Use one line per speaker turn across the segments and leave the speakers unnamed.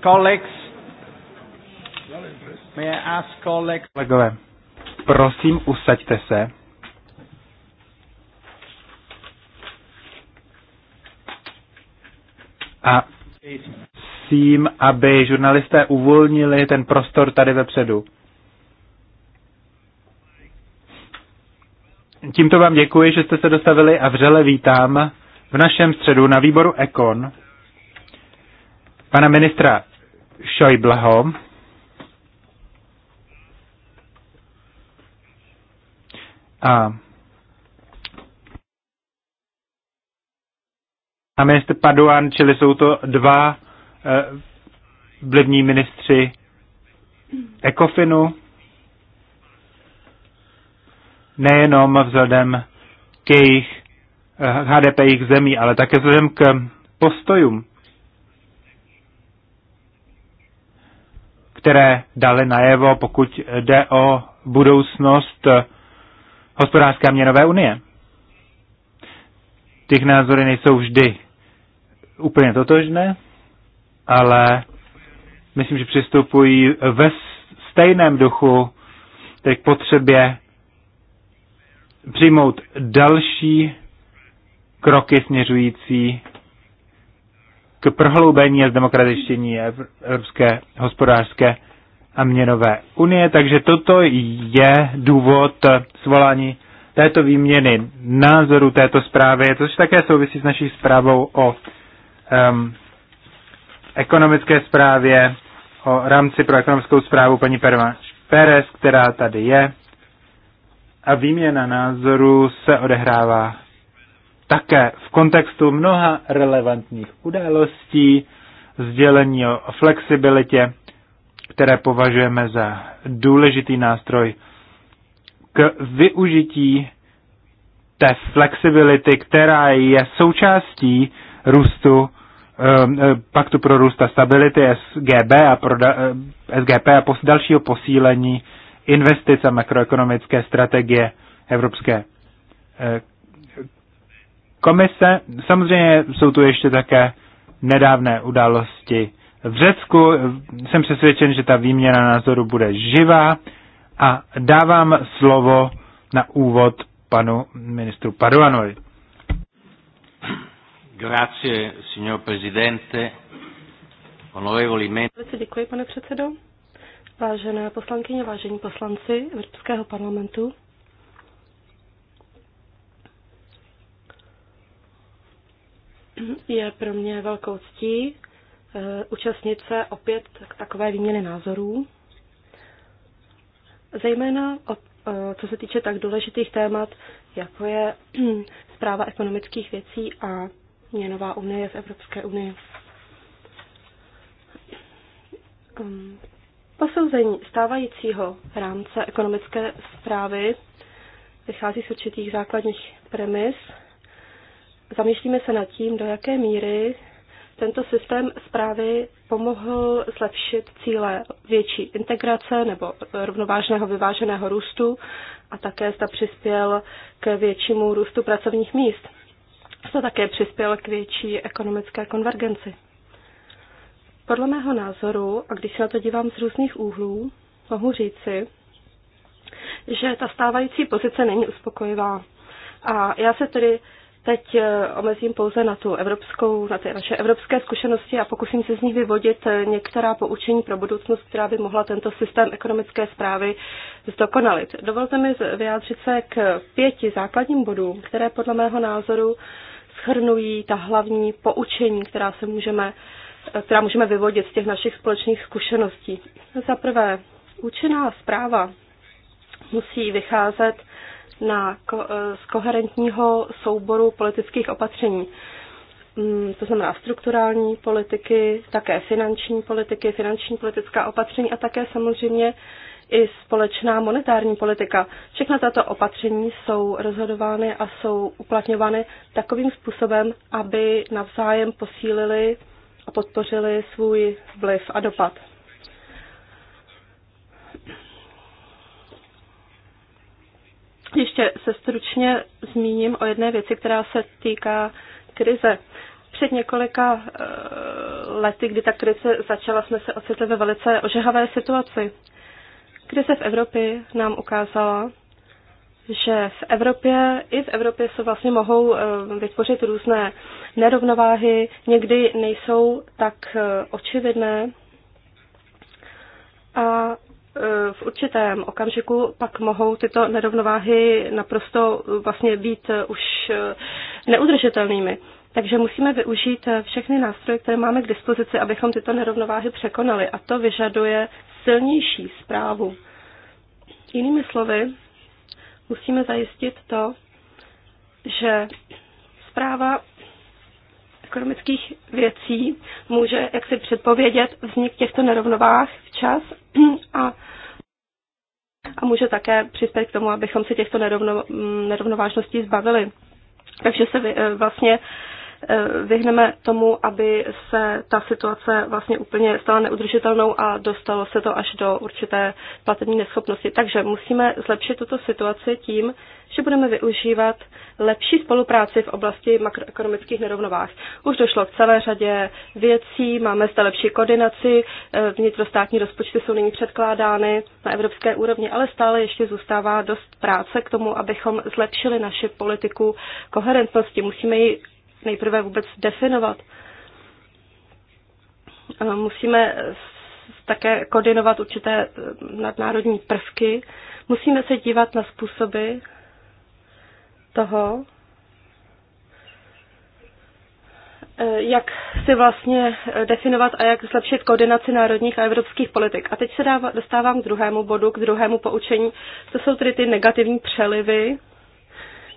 Colleagues, may I ask colleagues? Kolegové, prosím, usaďte se. A prosím, aby žurnalisté uvolnili ten prostor tady vepředu. Tímto vám děkuji, že jste se dostavili a vřele vítám v našem středu na výboru Ekon pana ministra Šojbleho. A, a ministr Paduan, čili jsou to dva eh, ministři Ekofinu, nejenom vzhledem k jejich HDP eh, jejich zemí, ale také vzhledem k postojům které dali najevo, pokud jde o budoucnost eh, hospodářské a měnové unie. Těch názory nejsou vždy úplně totožné, ale myslím, že přistupují ve stejném duchu tedy k potřebě přijmout další kroky směřující k prohloubení a zdemokratičtění Evropské hospodářské a měnové unie. Takže toto je důvod svolání této výměny názoru této zprávy, což také souvisí s naší zprávou o um, ekonomické zprávě, o rámci pro ekonomickou zprávu paní Perma Pérez, která tady je. A výměna názoru se odehrává také v kontextu mnoha relevantních událostí, sdělení o flexibilitě, které považujeme za důležitý nástroj k využití té flexibility, která je součástí růstu ehm, e, paktu pro růst a stability SGB a pro, e, SGP a pos, dalšího posílení investic a makroekonomické strategie Evropské e, komise. Samozřejmě jsou tu ještě také nedávné události v Řecku. Jsem přesvědčen, že ta výměna názoru bude živá a dávám slovo na úvod panu ministru Paduanovi.
Grazie, signor Presidente. Onorevoli membri.
Děkuji, pane předsedo. Vážené poslankyně, vážení poslanci Evropského parlamentu, Je pro mě velkou ctí eh, účastnit se opět k takové výměny názorů, zejména o, eh, co se týče tak důležitých témat, jako je zpráva ekonomických věcí a měnová unie v Evropské unii. Ehm, posouzení stávajícího rámce ekonomické zprávy vychází z určitých základních premis, zamýšlíme se nad tím, do jaké míry tento systém zprávy pomohl zlepšit cíle větší integrace nebo rovnovážného vyváženého růstu a také zda přispěl k většímu růstu pracovních míst. Zda také přispěl k větší ekonomické konvergenci. Podle mého názoru, a když se na to dívám z různých úhlů, mohu říci, že ta stávající pozice není uspokojivá. A já se tedy teď eh, omezím pouze na tu evropskou, na ty naše evropské zkušenosti a pokusím se z nich vyvodit eh, některá poučení pro budoucnost, která by mohla tento systém ekonomické zprávy zdokonalit. Dovolte mi vyjádřit se k pěti základním bodům, které podle mého názoru schrnují ta hlavní poučení, která se můžeme, eh, která můžeme vyvodit z těch našich společných zkušeností. Za prvé, účinná zpráva musí vycházet na eh, z koherentního souboru politických opatření. Mm, to znamená strukturální politiky, také finanční politiky, finanční politická opatření a také samozřejmě i společná monetární politika. Všechna tato opatření jsou rozhodovány a jsou uplatňovány takovým způsobem, aby navzájem posílili a podpořili svůj vliv a dopad. Ještě se stručně zmíním o jedné věci, která se týká krize. Před několika eh, lety, kdy ta krize začala, jsme se ocitli ve velice ožehavé situaci. Krize v Evropě nám ukázala, že v Evropě, i v Evropě se vlastně mohou eh, vytvořit různé nerovnováhy, někdy nejsou tak eh, očividné a E, v určitém okamžiku pak mohou tyto nerovnováhy naprosto vlastně být e, už e, neudržitelnými. Takže musíme využít všechny nástroje, které máme k dispozici, abychom tyto nerovnováhy překonali. A to vyžaduje silnější zprávu. Jinými slovy, musíme zajistit to, že zpráva ekonomických věcí může jak si předpovědět vznik těchto nerovnovách včas a, a může také přispět k tomu, abychom se těchto nerovno, mm, nerovnovážností zbavili. Takže se e, vlastně Eh, vyhneme tomu, aby se ta situace vlastně úplně stala neudržitelnou a dostalo se to až do určité platební neschopnosti. Takže musíme zlepšit tuto situaci tím, že budeme využívat lepší spolupráci v oblasti makroekonomických nerovnovách. Už došlo k celé řadě věcí, máme zde lepší koordinaci, eh, vnitrostátní rozpočty jsou nyní předkládány na evropské úrovni, ale stále ještě zůstává dost práce k tomu, abychom zlepšili naši politiku koherentnosti. Musíme ji nejprve vůbec definovat. Musíme také koordinovat určité eh, nadnárodní prvky. Musíme se dívat na způsoby toho, eh, jak si vlastně eh, definovat a jak zlepšit koordinaci národních a evropských politik. A teď se dostávám k druhému bodu, k druhému poučení. To jsou tedy ty negativní přelivy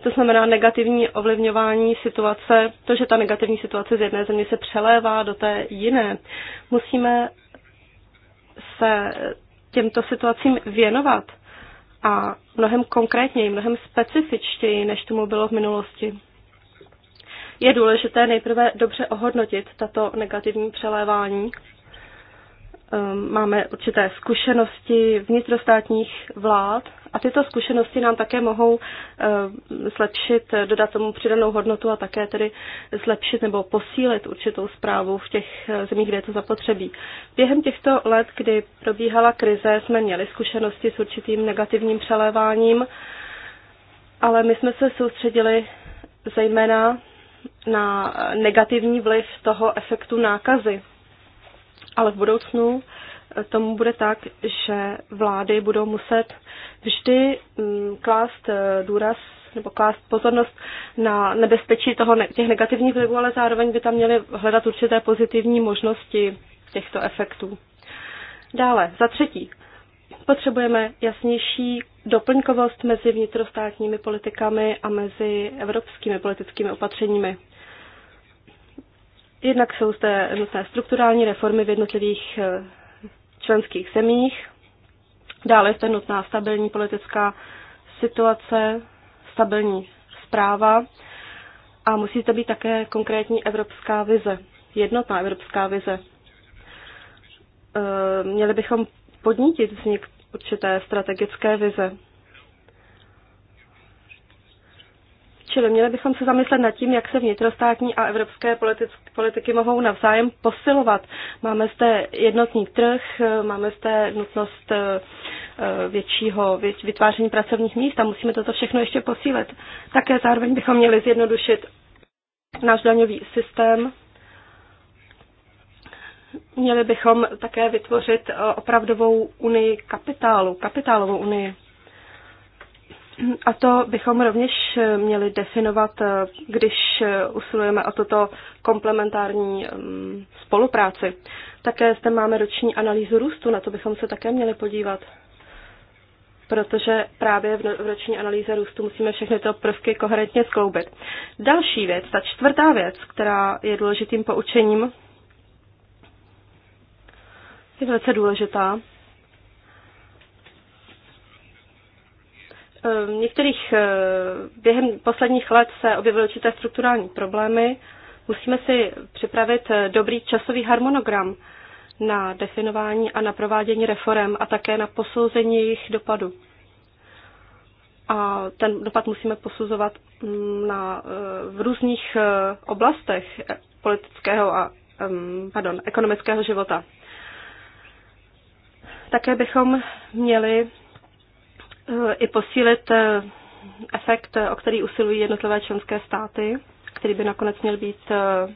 to znamená negativní ovlivňování situace, to, že ta negativní situace z jedné země se přelévá do té jiné. Musíme se těmto situacím věnovat a mnohem konkrétněji, mnohem specifičtěji, než tomu bylo v minulosti. Je důležité nejprve dobře ohodnotit tato negativní přelévání Ehm, máme určité zkušenosti vnitrostátních vlád a tyto zkušenosti nám také mohou ehm, zlepšit, dodat tomu přidanou hodnotu a také tedy zlepšit nebo posílit určitou zprávu v těch eh, zemích, kde je to zapotřebí. Během těchto let, kdy probíhala krize, jsme měli zkušenosti s určitým negativním přeléváním, ale my jsme se soustředili zejména na negativní vliv toho efektu nákazy ale v budoucnu eh, tomu bude tak, že vlády budou muset vždy mm, klást eh, důraz nebo klást pozornost na nebezpečí toho, těch negativních vlivů, ale zároveň by tam měly hledat určité pozitivní možnosti těchto efektů. Dále, za třetí, potřebujeme jasnější doplňkovost mezi vnitrostátními politikami a mezi evropskými politickými opatřeními. Jednak jsou zde nutné strukturální reformy v jednotlivých eh, členských zemích, dále je zde nutná stabilní politická situace, stabilní zpráva a musí zde být také konkrétní evropská vize, jednotná evropská vize. Eh, měli bychom podnítit vznik určité strategické vize. Čili měli bychom se zamyslet nad tím, jak se vnitrostátní a evropské politiky mohou navzájem posilovat. Máme zde jednotný trh, máme zde nutnost eh, eh, většího vytváření pracovních míst a musíme toto všechno ještě posílit. Také zároveň bychom měli zjednodušit náš daňový systém. Měli bychom také vytvořit eh, opravdovou unii kapitálu, kapitálovou unii. A to bychom rovněž měli definovat, když usilujeme o toto komplementární mm, spolupráci. Také zde máme roční analýzu růstu, na to bychom se také měli podívat. Protože právě v roční analýze růstu musíme všechny to prvky koherentně skloubit. Další věc, ta čtvrtá věc, která je důležitým poučením, je velice důležitá. Ehm, některých, eh, během posledních let se objevily určité strukturální problémy. Musíme si připravit eh, dobrý časový harmonogram na definování a na provádění reform a také na posouzení jejich dopadu. A ten dopad musíme posuzovat mm, na, eh, v různých oblastech politického a ehm, pardon, ekonomického života. Také bychom měli i posílit eh, efekt, eh, o který usilují jednotlivé členské státy, který by nakonec měl být eh,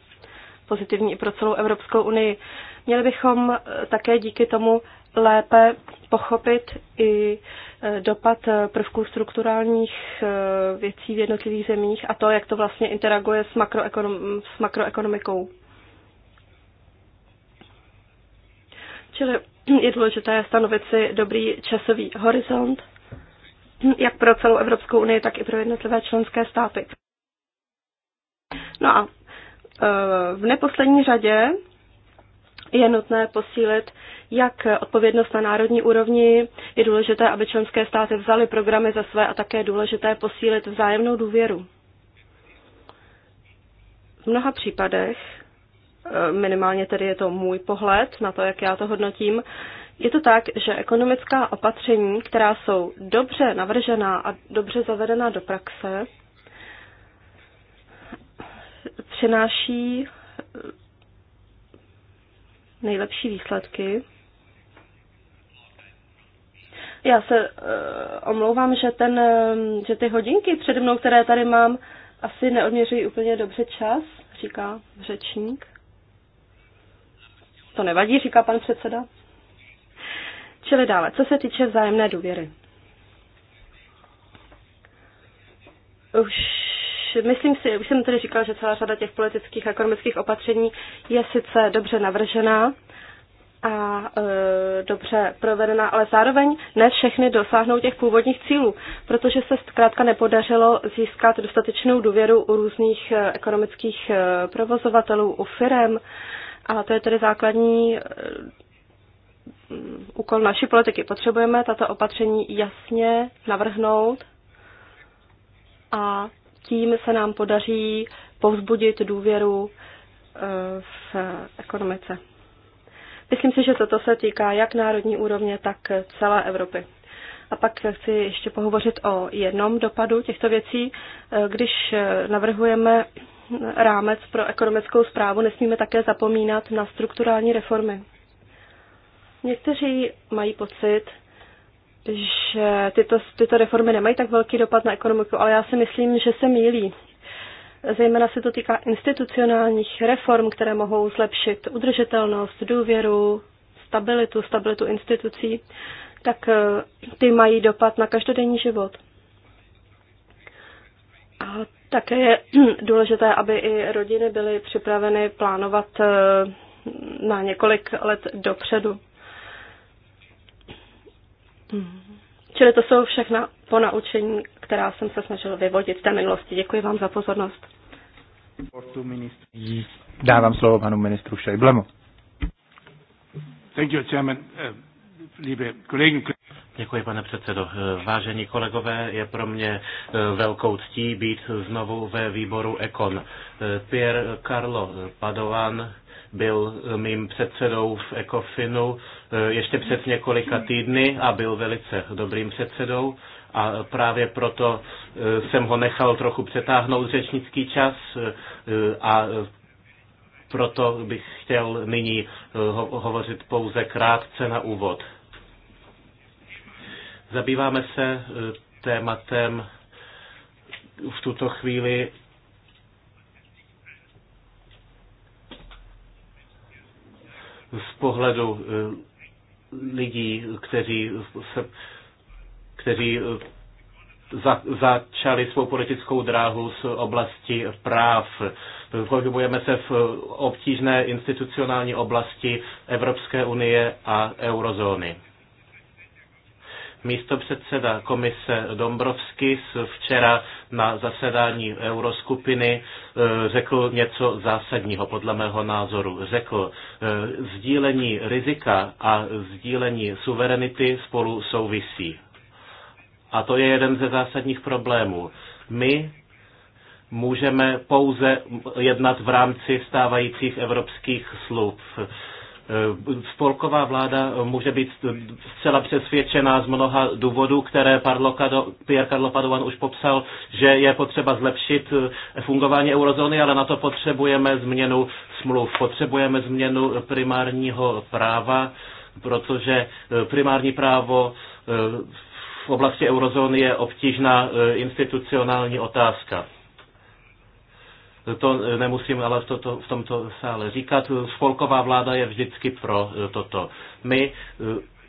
pozitivní i pro celou Evropskou unii. Měli bychom také díky tomu lépe pochopit i dopad prvků strukturálních věcí v jednotlivých zemích a to, jak to vlastně interaguje s, makroekonom- s makroekonomikou. Čili je důležité stanovit si dobrý časový horizont jak pro celou Evropskou unii, tak i pro jednotlivé členské státy. No a eh, v neposlední řadě je nutné posílit jak odpovědnost na národní úrovni, je důležité, aby členské státy vzaly programy za své a také je důležité posílit vzájemnou důvěru. V mnoha případech, eh, minimálně tedy je to můj pohled na to, jak já to hodnotím, je to tak, že ekonomická opatření, která jsou dobře navržená a dobře zavedená do praxe, přináší eh, nejlepší výsledky. Já se uh, omlouvám, že, ten, uh, že ty hodinky přede mnou, které tady mám, asi neodměřují úplně dobře čas, říká řečník. To nevadí, říká pan předseda. Čili dále, co se týče vzájemné důvěry. Už myslím si, už jsem tady říkal, že celá řada těch politických a ekonomických opatření je sice dobře navržená a e, dobře provedená, ale zároveň ne všechny dosáhnou těch původních cílů, protože se zkrátka nepodařilo získat dostatečnou důvěru u různých e, ekonomických e, provozovatelů, u firem. A to je tedy základní e, Mm, úkol naší politiky. Potřebujeme tato opatření jasně navrhnout a tím se nám podaří povzbudit důvěru eh, v ekonomice. Myslím si, že toto se týká jak národní úrovně, tak celé Evropy. A pak chci ještě pohovořit o jednom dopadu těchto věcí. Eh, když eh, navrhujeme rámec pro ekonomickou zprávu, nesmíme také zapomínat na strukturální reformy. Někteří mají pocit, že tyto, tyto reformy nemají tak velký dopad na ekonomiku, ale já si myslím, že se mílí. Zejména se to týká institucionálních reform, které mohou zlepšit udržitelnost, důvěru, stabilitu, stabilitu institucí, tak eh, ty mají dopad na každodenní život. A také je důležité, aby i rodiny byly připraveny plánovat eh, na několik let dopředu. Čili to jsou všechna ponaučení, která jsem se snažil vyvodit z té minulosti. Děkuji vám za pozornost.
Dávám slovo panu ministru Šejblemu. Eh,
Děkuji, pane předsedo. Eh, vážení kolegové, je pro mě eh, velkou ctí být znovu ve výboru Ekon. Pierre Carlo Padovan byl eh, mým předsedou v Ecofinu eh, ještě před několika týdny a byl velice dobrým předsedou a právě proto eh, jsem ho nechal trochu přetáhnout řečnický čas a proto bych chtěl nyní hovořit pouze krátce na úvod. Zabýváme se tématem v tuto chvíli z pohledu eh, lidí, kteří se, kteří eh, za, začali svou politickou dráhu z oblasti práv. Pohybujeme se v eh, obtížné institucionální oblasti Evropské unie a eurozóny. Místo předseda komise Dombrovskis včera na zasedání euroskupiny e, řekl něco zásadního, podle mého názoru. Řekl, e, sdílení rizika a sdílení suverenity spolu souvisí. A to je jeden ze zásadních problémů. My můžeme pouze jednat v rámci stávajících evropských slub. Spolková vláda může být zcela přesvědčená z mnoha důvodů, které Pierre Karlo Padovan už popsal, že je potřeba zlepšit fungování eurozóny, ale na to potřebujeme změnu smluv, potřebujeme změnu primárního práva, protože primární právo eh, v oblasti eurozóny je obtížná eh, institucionální otázka. To nemusím ale to, to, v tomto sále říkat. Spolková vláda je vždycky pro e, toto. My, e,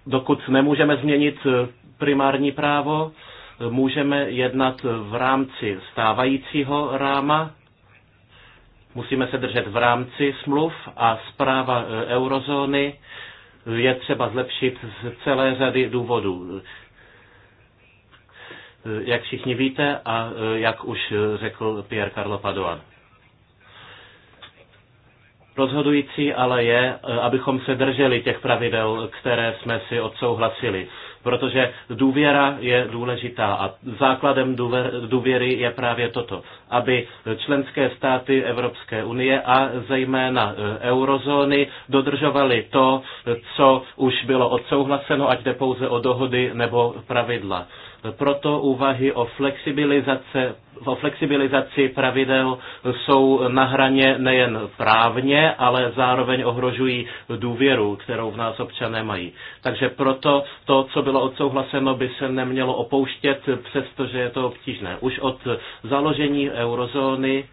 dokud nemůžeme změnit e, primární právo, můžeme jednat v rámci stávajícího ráma, musíme se držet v rámci smluv a zpráva eurozóny je třeba zlepšit z celé řady důvodů. Jak všichni víte a jak už řekl Pierre Carlo Padoan. Rozhodující ale je, eh, abychom se drželi těch pravidel, které jsme si odsouhlasili, protože důvěra je důležitá a základem důvěry je právě toto, aby členské státy Evropské unie a zejména eh, eurozóny dodržovaly to, co už bylo odsouhlaseno, ať jde pouze o dohody nebo pravidla. Proto úvahy o, flexibilizace, o flexibilizaci pravidel jsou na hraně nejen právně, ale zároveň ohrožují důvěru, kterou v nás občané mají. Takže proto to, co bylo odsouhlaseno, by se nemělo opouštět, přestože je to obtížné. Už od založení eurozóny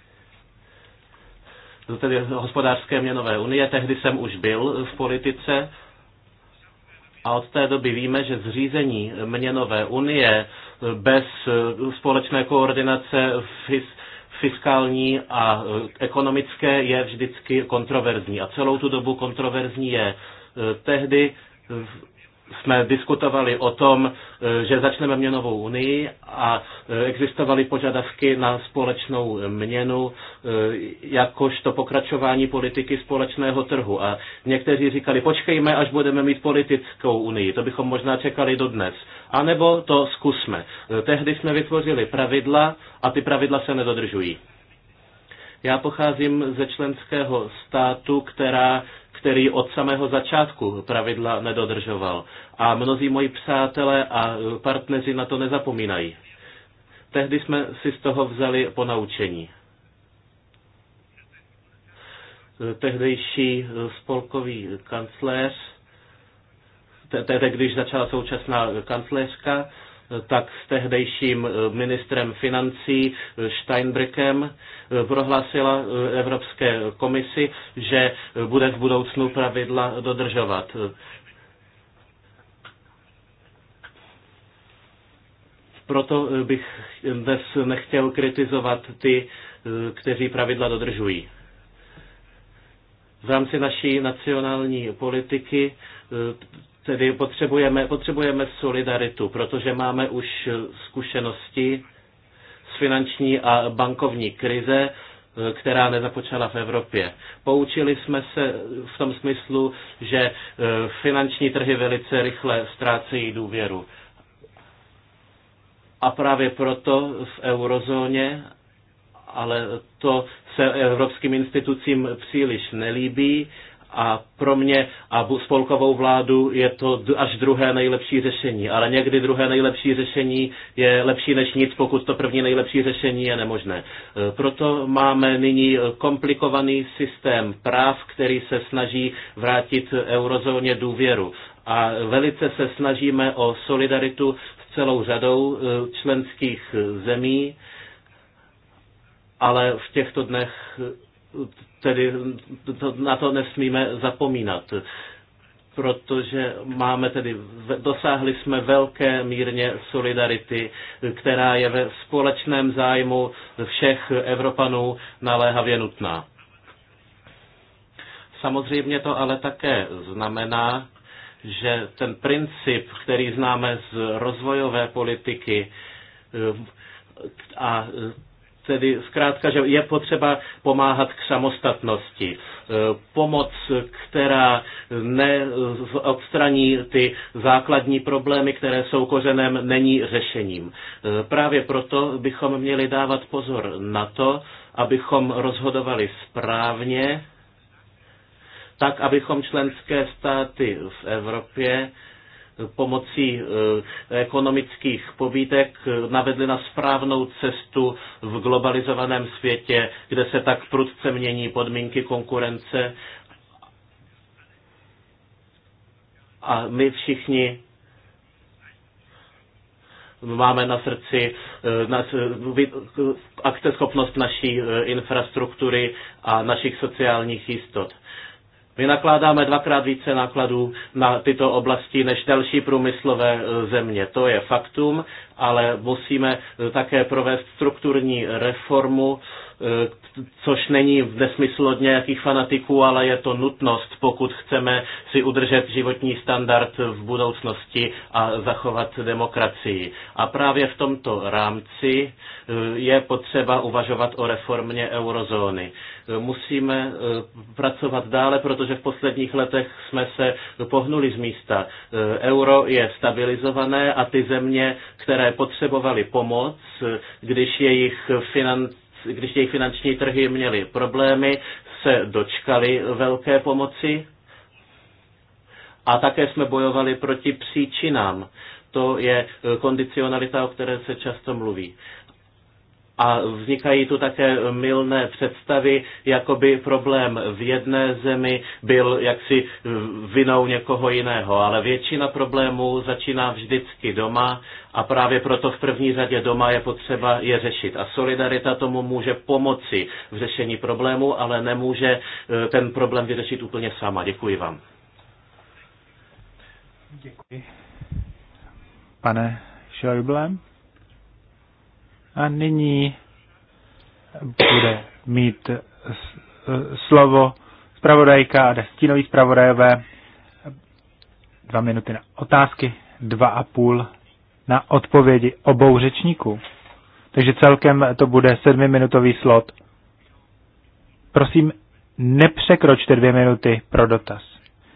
tedy hospodářské měnové unie, tehdy jsem už byl v politice a od té doby víme, že zřízení měnové unie bez společné koordinace FIS fiskální a ekonomické je vždycky kontroverzní. A celou tu dobu kontroverzní je. Eh, tehdy jsme diskutovali o tom, e, že začneme měnovou unii a e, existovaly požadavky na společnou měnu e, jakožto pokračování politiky společného trhu. A někteří říkali, počkejme, až budeme mít politickou unii, to bychom možná čekali do dnes. A nebo to zkusme. Tehdy jsme vytvořili pravidla a ty pravidla se nedodržují. Já pocházím ze členského státu, která který od samého začátku pravidla nedodržoval. A mnozí moji přátelé a partneři na to nezapomínají. Tehdy jsme si z toho vzali ponaučení. Tehdejší spolkový kancléř, tehdy když začala současná kancléřka, tak s tehdejším eh, ministrem financí eh, Steinbrückem eh, prohlásila Evropské komisi, že bude v budoucnu pravidla dodržovat. Proto bych dnes nechtěl kritizovat ty, kteří pravidla dodržují. V rámci naší nacionální politiky Tedy potřebujeme, potřebujeme solidaritu, protože máme už zkušenosti z finanční a bankovní krize, která nezapočala v Evropě. Poučili jsme se v tom smyslu, že eh, finanční trhy velice rychle ztrácejí důvěru. A právě proto v eurozóně, ale to se evropským institucím příliš nelíbí, a pro mě a spolkovou vládu je to až druhé nejlepší řešení. Ale někdy druhé nejlepší řešení je lepší než nic, pokud to první nejlepší řešení je nemožné. E, proto máme nyní e, komplikovaný systém práv, který se snaží vrátit eurozóně důvěru. A velice se snažíme o solidaritu s celou řadou e, členských zemí, ale v těchto dnech tedy to, na to nesmíme zapomínat protože máme tedy, dosáhli jsme velké mírně solidarity, která je ve společném zájmu všech Evropanů naléhavě nutná. Samozřejmě to ale také znamená, že ten princip, který známe z rozvojové politiky a tedy zkrátka, že je potřeba pomáhat k samostatnosti. E, pomoc, která neodstraní ty základní problémy, které jsou kořenem, není řešením. E, právě proto bychom měli dávat pozor na to, abychom rozhodovali správně, tak, abychom členské státy v Evropě pomocí eh, ekonomických pobídek eh, navedli na správnou cestu v globalizovaném světě, kde se tak prudce mění podmínky konkurence. A my všichni máme na srdci eh, akceschopnost naší infrastruktury a našich sociálních jistot. Vynakládáme dvakrát více nákladů na tyto oblasti než další průmyslové e, země. To je faktum, ale musíme e, také provést strukturní reformu Eh, což není v nesmyslu od nějakých fanatiků, ale je to nutnost, pokud chceme si udržet životní standard v budoucnosti a zachovat demokracii. A právě v tomto rámci eh, je potřeba uvažovat o reformě eurozóny. Eh, musíme pracovat dále, protože v posledních letech jsme se pohnuli z místa. Euro je stabilizované a ty země, které potřebovaly pomoc, když jejich finanční když jejich finanční trhy měly problémy, se dočkali velké pomoci a také jsme bojovali proti příčinám. To je kondicionalita, o které se často mluví. A vznikají tu také milné představy, jako by problém v jedné zemi byl jaksi vinou někoho jiného. Ale většina problémů začíná vždycky doma a právě proto v první řadě doma je potřeba je řešit. A solidarita tomu může pomoci v řešení problému, ale nemůže e, ten problém vyřešit úplně sama. Děkuji vám.
Děkuji. Pane Schäuble. A nyní bude mít slovo zpravodajka a destinový zpravodajové. Dva minuty na otázky, dva a půl na odpovědi obou řečníků. Takže celkem to bude sedmiminutový slot. Prosím, nepřekročte dvě minuty pro dotaz.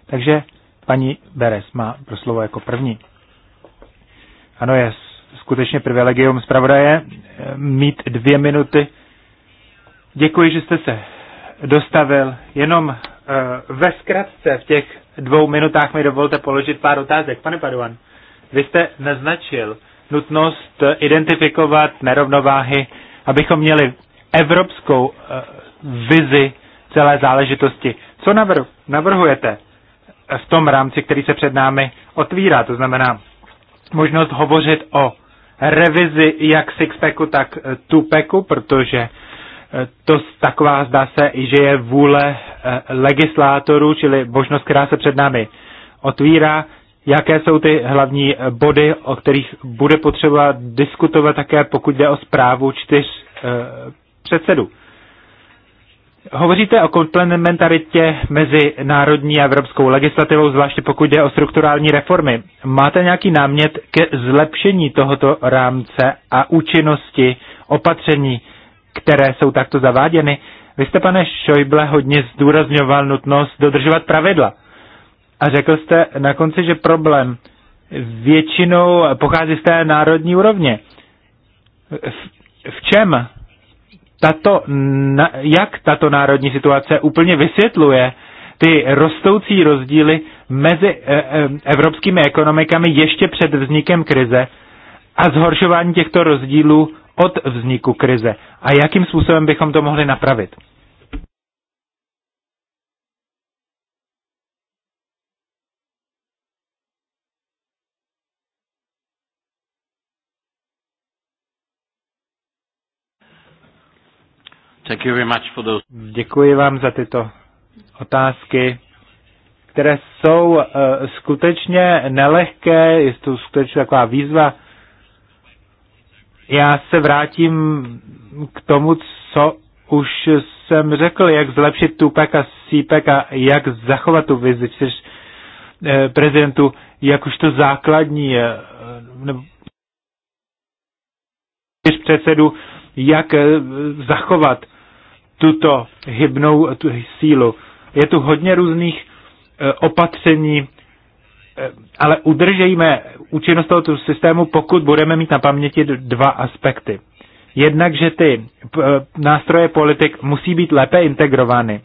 Takže paní Beres má pro slovo jako první. Ano, je skutečně privilegium zpravodaje eh, mít dvě minuty. Děkuji, že jste se dostavil. Jenom eh, ve zkratce v těch dvou minutách mi dovolte položit pár otázek. Pane Paduan, vy jste naznačil nutnost identifikovat nerovnováhy, abychom měli evropskou eh, vizi celé záležitosti. Co navrhujete v tom rámci, který se před námi otvírá, to znamená možnost hovořit o revizi jak sixpacku, tak eh, tupeku, protože eh, to taková zdá se, že je vůle eh, legislátorů, čili možnost, která se před námi otvírá. Jaké jsou ty hlavní body, o kterých bude potřeba diskutovat také, pokud jde o zprávu čtyř předsedů? Hovoříte o komplementaritě mezi národní a evropskou legislativou, zvláště pokud jde o strukturální reformy. Máte nějaký námět ke zlepšení tohoto rámce a účinnosti opatření, které jsou takto zaváděny? Vy jste, pane Šojble, hodně zdůrazňoval nutnost dodržovat pravidla. A řekl jste na konci, že problém většinou pochází z té národní úrovně. V, v čem tato, jak tato národní situace úplně vysvětluje ty rostoucí rozdíly mezi eh, eh, evropskými ekonomikami ještě před vznikem krize a zhoršování těchto rozdílů od vzniku krize. A jakým způsobem bychom to mohli napravit? Thank you
very much for those.
Děkuji vám za tyto otázky, které jsou uh, skutečně nelehké, je to skutečně taková výzva. Já se vrátím k tomu, co už jsem řekl, jak zlepšit tupek a sípek a jak zachovat tu vizi čtyř eh, prezidentu, jak už to základní, eh, nebo čtyř jak eh, zachovat eh, tuto hybnou tu sílu. Je tu hodně různých e, opatření, e, ale udržejme účinnost tohoto systému, pokud budeme mít na paměti dva aspekty. Jednak, že ty e, nástroje politik musí být lépe integrovány.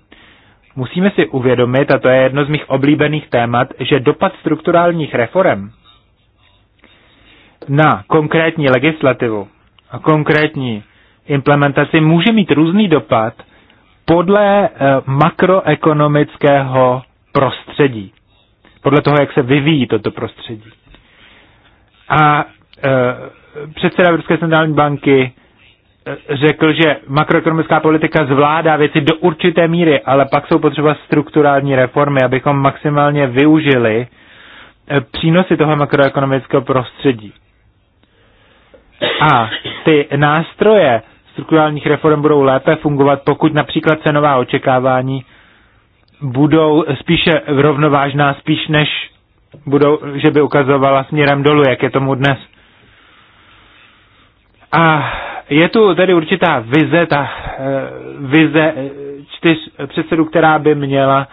Musíme si uvědomit, a to je jedno z mých oblíbených témat, že dopad strukturálních reform na konkrétní legislativu a konkrétní implementaci může mít různý dopad podle eh, makroekonomického prostředí. Podle toho, jak se vyvíjí toto prostředí. A eh, předseda Evropské centrální banky eh, řekl, že makroekonomická politika zvládá věci do určité míry, ale pak jsou potřeba strukturální reformy, abychom maximálně využili přínosy toho makroekonomického prostředí. A ty nástroje strukturálních reform budou lépe fungovat, pokud například cenová očekávání budou spíše rovnovážná, spíš než budou, že by ukazovala směrem dolů, jak je tomu dnes. A je tu tedy určitá vize, ta eh, vize eh, čtyř předsedů, která by měla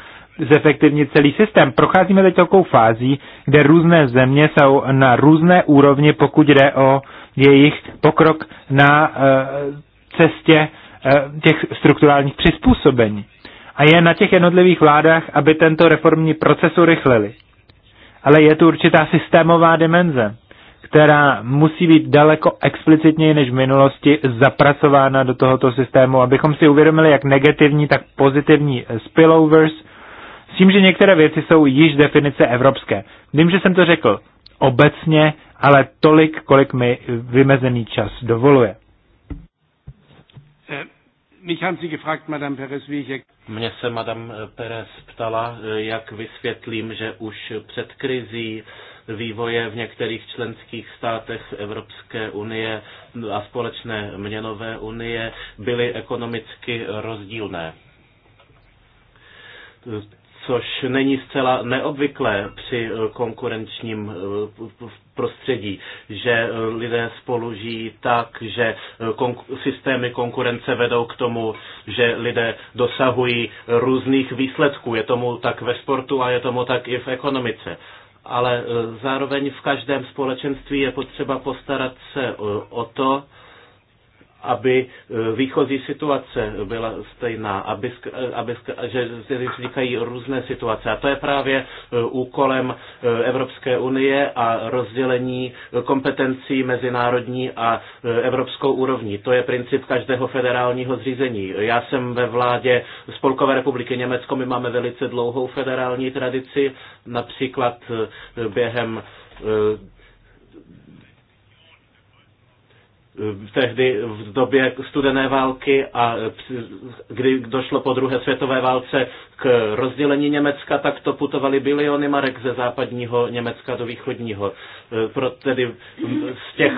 zefektivnit celý systém. Procházíme teď takovou fází, kde různé země jsou na různé úrovni, pokud jde o jejich pokrok na eh, cestě eh, těch strukturálních přizpůsobení. A je na těch jednotlivých vládách, aby tento reformní proces urychlili. Ale je tu určitá systémová dimenze, která musí být daleko explicitněji než v minulosti zapracována do tohoto systému, abychom si uvědomili, jak negativní, tak pozitivní eh, spillovers, s tím, že některé věci jsou již definice evropské. Vím, že jsem to řekl obecně, ale tolik, kolik mi vymezený čas dovoluje.
Er- Mě se Madame Perez ptala, jak vysvětlím, že už před krizí vývoje v některých členských státech Evropské unie a společné měnové unie byly ekonomicky rozdílné. Což není zcela neobvyklé při konkurenčním prostředí, že eh, lidé spolu žijí tak, že eh, konk- systémy konkurence vedou k tomu, že lidé dosahují různých výsledků. Je tomu tak ve sportu a je tomu tak i v ekonomice ale eh, zároveň v každém společenství je potřeba postarat se o to, aby e, výchozí situace byla stejná, aby, e, aby, že vznikají různé situace. A to je právě e, úkolem Evropské unie a rozdělení kompetencí mezinárodní a evropskou úrovní. To je princip každého federálního zřízení. Já jsem ve vládě Spolkové republiky Německo, my máme velice dlouhou federální tradici, například během Eh, tehdy v době studené války a eh, kdy došlo po druhé světové válce k rozdělení Německa, tak to putovali biliony marek ze západního Německa do východního. Eh, pro tedy z těch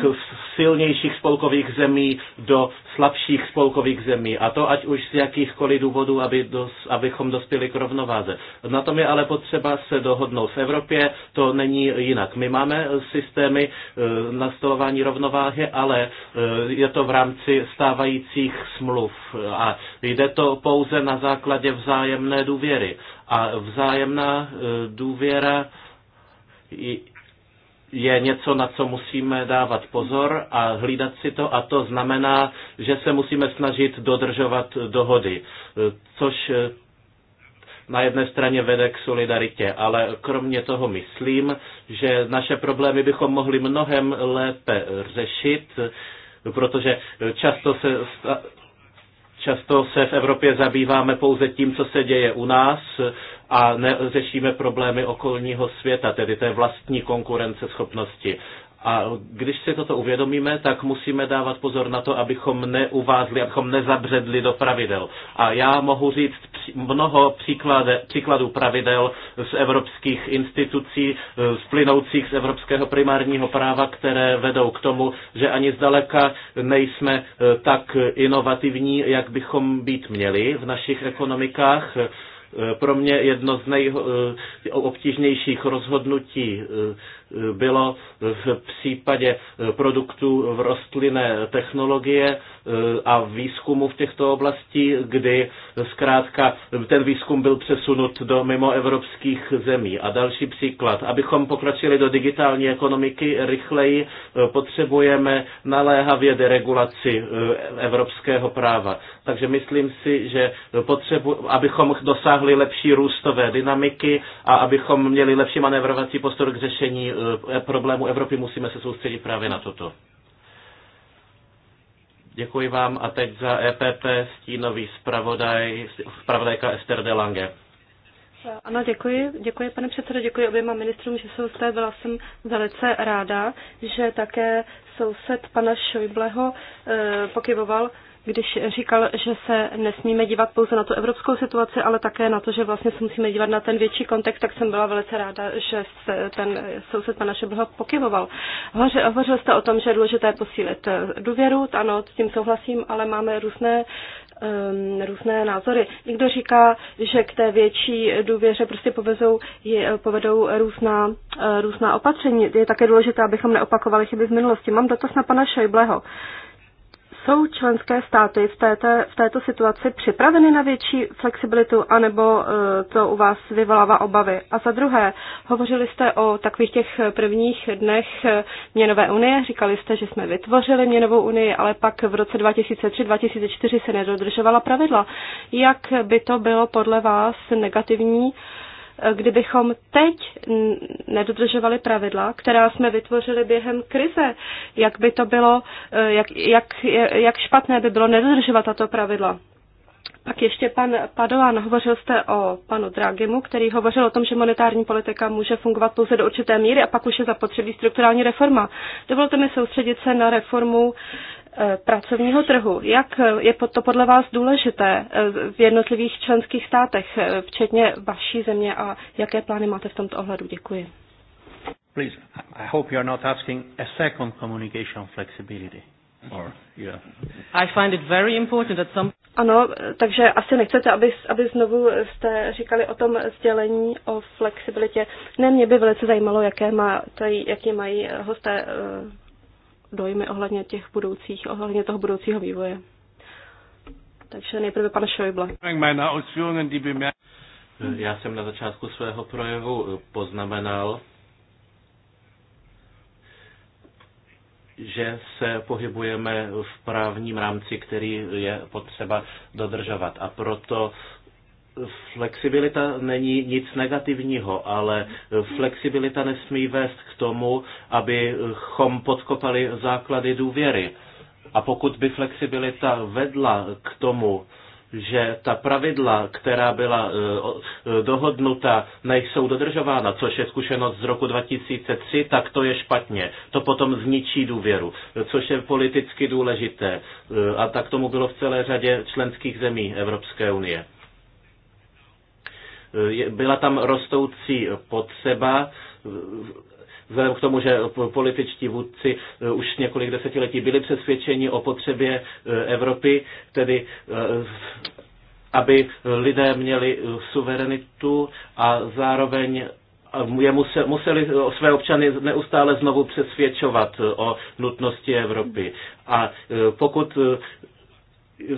silnějších spolkových zemí do slabších spolkových zemí, a to ať už z jakýchkoliv důvodů, aby dos, abychom dospěli k rovnováze. Na tom je ale potřeba se dohodnout v Evropě, to není jinak. My máme eh, systémy eh, nastolování rovnováhy, ale eh, je to v rámci stávajících smluv a jde to pouze na základě vzájemné důvěry. A vzájemná důvěra je něco, na co musíme dávat pozor a hlídat si to a to znamená, že se musíme snažit dodržovat dohody, což eh, na jedné straně vede k solidaritě, ale kromě toho myslím, že naše problémy bychom mohli mnohem lépe řešit, protože často se, často se v Evropě zabýváme pouze tím, co se děje u nás, a neřešíme problémy okolního světa, tedy té vlastní konkurenceschopnosti. A když si toto uvědomíme, tak musíme dávat pozor na to, abychom neuvázli, abychom nezabředli do pravidel. A já mohu říct mnoho příklade, příkladů pravidel z evropských institucí, eh, splynoucích z evropského primárního práva, které vedou k tomu, že ani zdaleka nejsme eh, tak inovativní, jak bychom být měli v našich ekonomikách. Eh, pro mě jedno z nejobtížnějších eh, rozhodnutí eh, bylo v případě produktů v rostlinné technologie e, a výzkumu v těchto oblastí, kdy zkrátka ten výzkum byl přesunut do mimoevropských zemí. A další příklad. Abychom pokračili do digitální ekonomiky rychleji, e, potřebujeme naléhavě deregulaci e, evropského práva. Takže myslím si, že potřebu, abychom dosáhli lepší růstové dynamiky a abychom měli lepší manévrovací prostor k řešení Eh, problému Evropy musíme se soustředit právě na toto. Děkuji vám a teď za EPP stínový zpravodaj, zpravodajka Ester de Lange.
Ano, děkuji. Děkuji, pane předsedo, děkuji oběma ministrům, že jsou zde. Byla jsem velice ráda, že také soused pana Šojbleho eh, pokyvoval když říkal, že se nesmíme dívat pouze na tu evropskou situaci, ale také na to, že vlastně se musíme dívat na ten větší kontext, tak jsem byla velice ráda, že se ten soused pana Šebrho pokyvoval. Hovořil jste o tom, že je důležité posílit důvěru, ano, s tím souhlasím, ale máme různé ehm, různé názory. Někdo říká, že k té větší důvěře prostě povezou, je, povedou různá, e, různá opatření. Je také důležité, abychom neopakovali chyby z minulosti. Mám dotaz na pana Šejbleho. Jsou členské státy v, této, v této situaci připraveny na větší flexibilitu, anebo eh, to u vás vyvolává obavy? A za druhé, hovořili jste o takových těch prvních dnech eh, měnové unie, říkali jste, že jsme vytvořili měnovou unii, ale pak v roce 2003-2004 se nedodržovala pravidla. Jak by to bylo podle vás negativní? kdybychom teď nedodržovali pravidla, která jsme vytvořili během krize, jak by to bylo, eh, jak, jak, jak špatné by bylo nedodržovat tato pravidla. Pak ještě pan Padován, hovořil jste o panu Dragimu, který hovořil o tom, že monetární politika může fungovat pouze do určité míry a pak už je zapotřebí strukturální reforma. Dovolte mi soustředit se na reformu Eh, pracovního trhu. Jak eh, je to podle vás důležité eh, v jednotlivých členských státech, včetně vaší země a jaké plány máte v tomto ohledu? Děkuji.
Please, I hope
you are not asking a second communication flexibility. Or, yeah.
I find it very important that some... Ano, takže asi nechcete, aby, aby znovu jste říkali o tom sdělení o flexibilitě. Ne, mě by velice zajímalo, jaké má, tady, jaký mají hosté dojmy ohledně, těch budoucích, ohledně toho budoucího vývoje. Takže nejprve pan Schäuble.
Já jsem na začátku svého projevu poznamenal, že se pohybujeme v právním rámci, který je potřeba dodržovat. A proto Flexibilita není nic negativního, ale flexibilita nesmí vést k tomu, abychom podkopali základy důvěry. A pokud by flexibilita vedla k tomu, že ta pravidla, která byla e, e, dohodnuta, nejsou dodržována, což je zkušenost z roku 2003, tak to je špatně. To potom zničí důvěru, což je politicky důležité. E, a tak tomu bylo v celé řadě členských zemí Evropské unie. Eh, byla tam rostoucí potřeba vzhledem k tomu, že političtí vůdci eh, už několik desetiletí byli přesvědčeni o potřebě eh, Evropy, tedy aby lidé měli suverenitu a zároveň je musel, museli své občany neustále znovu přesvědčovat o nutnosti Evropy. A pokud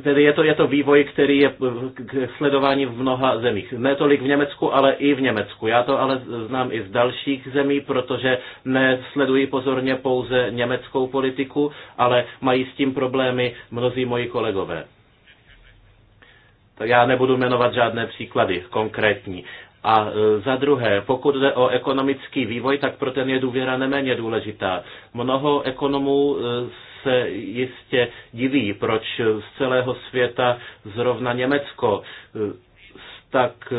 tedy je to, je to vývoj, který je k sledování v mnoha zemích. Ne tolik v Německu, ale i v Německu. Já to ale znám i z dalších zemí, protože nesledují pozorně pouze německou politiku, ale mají s tím problémy mnozí moji kolegové. Tak já nebudu jmenovat žádné příklady konkrétní. A e, za druhé, pokud jde o ekonomický vývoj, tak pro ten je důvěra neméně důležitá. Mnoho ekonomů e, se jistě diví, proč z celého světa zrovna Německo eh, tak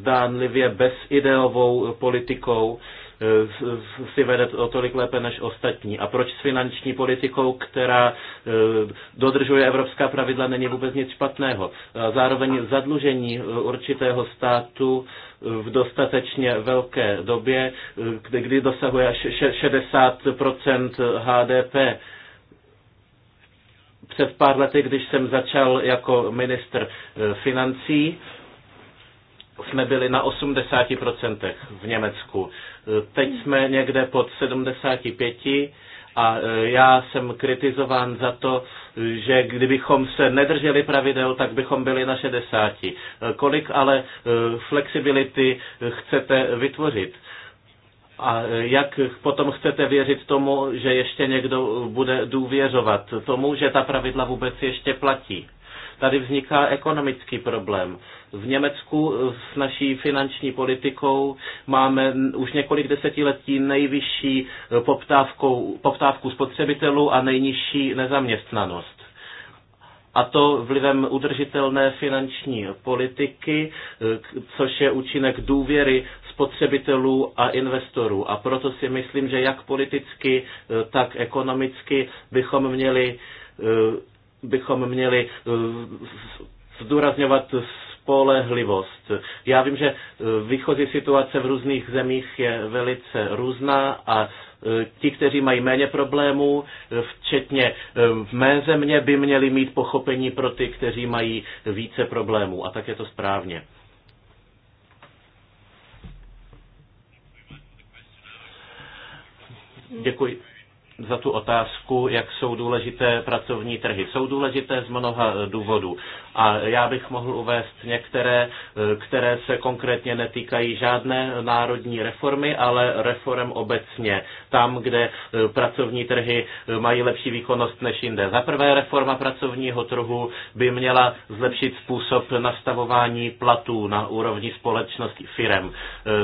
zdánlivě bezideovou politikou eh, si vede o tolik lépe než ostatní. A proč s finanční politikou, která eh, dodržuje evropská pravidla, není vůbec nic špatného. Zároveň zadlužení určitého státu v dostatečně velké době, kdy dosahuje až 60 HDP, před pár lety, když jsem začal jako ministr e, financí, jsme byli na 80% v Německu. E, teď jsme někde pod 75% a e, já jsem kritizován za to, že kdybychom se nedrželi pravidel, tak bychom byli na 60. Kolik ale flexibility chcete vytvořit? A e, jak potom chcete věřit tomu, že ještě někdo bude důvěřovat tomu, že ta pravidla vůbec ještě platí? Tady vzniká ekonomický problém. V Německu s naší finanční politikou máme už několik desetiletí nejvyšší poptávku spotřebitelů a nejnižší nezaměstnanost a to vlivem udržitelné finanční politiky, eh, což je účinek důvěry spotřebitelů a investorů. A proto si myslím, že jak politicky, eh, tak ekonomicky bychom měli, eh, bychom měli zdůrazňovat spolehlivost. Já vím, že e, výchozí situace v různých zemích je velice různá a e, ti, kteří mají méně problémů, e, včetně v mé země, by měli mít pochopení pro ty, kteří mají více problémů. A tak je to správně. Děkuji za tu otázku, jak jsou důležité pracovní trhy. Jsou důležité z mnoha eh, důvodů. A já bych mohl uvést některé, eh, které se konkrétně netýkají žádné národní reformy, ale reform obecně. Tam, kde eh, pracovní trhy mají lepší výkonnost než jinde. Za prvé reforma pracovního trhu by měla zlepšit způsob nastavování platů na úrovni společnosti firem.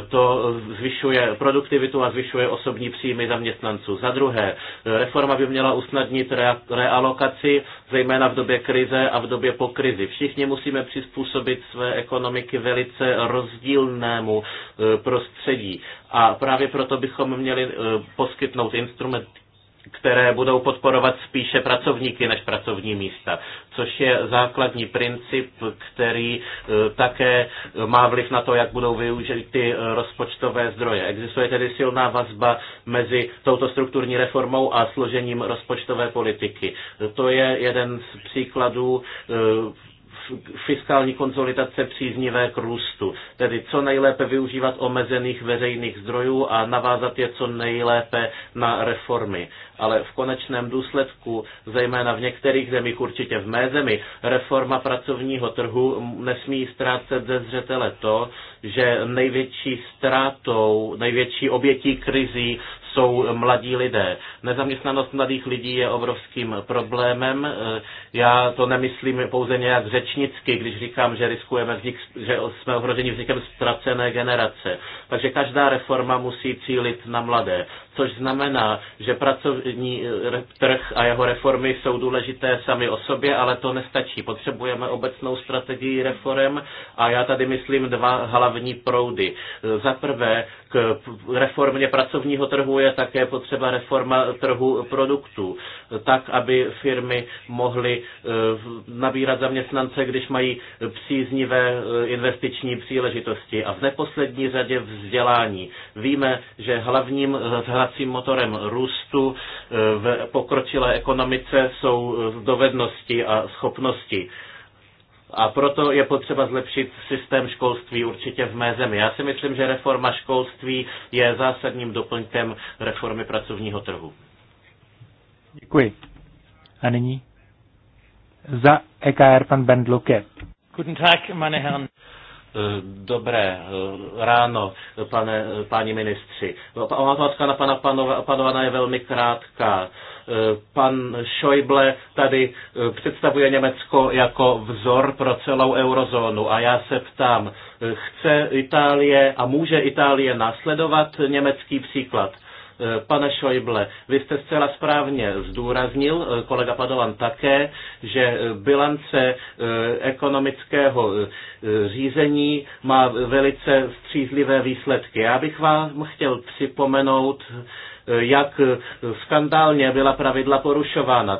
To zvyšuje produktivitu a zvyšuje osobní příjmy zaměstnanců. Za druhé, Reforma by měla usnadnit realokaci, zejména v době krize a v době po krizi. Všichni musíme přizpůsobit své ekonomiky velice rozdílnému e, prostředí. A právě proto bychom měli e, poskytnout instrument které budou podporovat spíše pracovníky než pracovní místa, což je základní princip, který e, také má vliv na to, jak budou ty e, rozpočtové zdroje. Existuje tedy silná vazba mezi touto strukturní reformou a složením rozpočtové politiky. To je jeden z příkladů e, fiskální konsolidace příznivé k růstu, tedy co nejlépe využívat omezených veřejných zdrojů a navázat je co nejlépe na reformy. Ale v konečném důsledku, zejména v některých zemích, určitě v mé zemi, reforma pracovního trhu nesmí ztrácet ze zřetele to, že největší ztrátou, největší obětí krizí jsou mladí lidé. Nezaměstnanost mladých lidí je obrovským problémem. E, já to nemyslím pouze nějak řečnicky, když říkám, že riskujeme vznik, že jsme ohroženi vznikem ztracené generace. Takže každá reforma musí cílit na mladé což znamená, že pracovní eh, trh a jeho reformy jsou důležité sami o sobě, ale to nestačí. Potřebujeme obecnou strategii reform a já tady myslím dva hlavní proudy. Eh, za prvé, k reformě pracovního trhu je také potřeba reforma trhu produktů, eh, tak, aby firmy mohly nabírat zaměstnance, když mají příznivé investiční příležitosti. A v neposlední řadě vzdělání. Víme, že hlavním hýbacím motorem růstu e, v pokročilé ekonomice jsou e, dovednosti a schopnosti. A proto je potřeba zlepšit systém školství určitě v mé zemi. Já si myslím, že reforma školství je zásadním doplňkem reformy pracovního trhu.
Děkuji. A nyní za EKR pan Ben Luke.
Guten Tag, meine Herren. Eh, dobré eh, ráno, pane, eh, páni ministři. No, otázka na pana panova, panovana je velmi krátká. Pan Schäuble tady představuje Německo jako vzor pro celou eurozónu a já se ptám, chce Itálie a může Itálie následovat německý příklad? Eh, pane Šojble, vy jste zcela správně zdůraznil, eh, kolega Padovan také, že eh, bilance ekonomického řízení má velice střízlivé výsledky. Já bych vám chtěl připomenout, Eh, jak eh, skandálně byla pravidla porušována.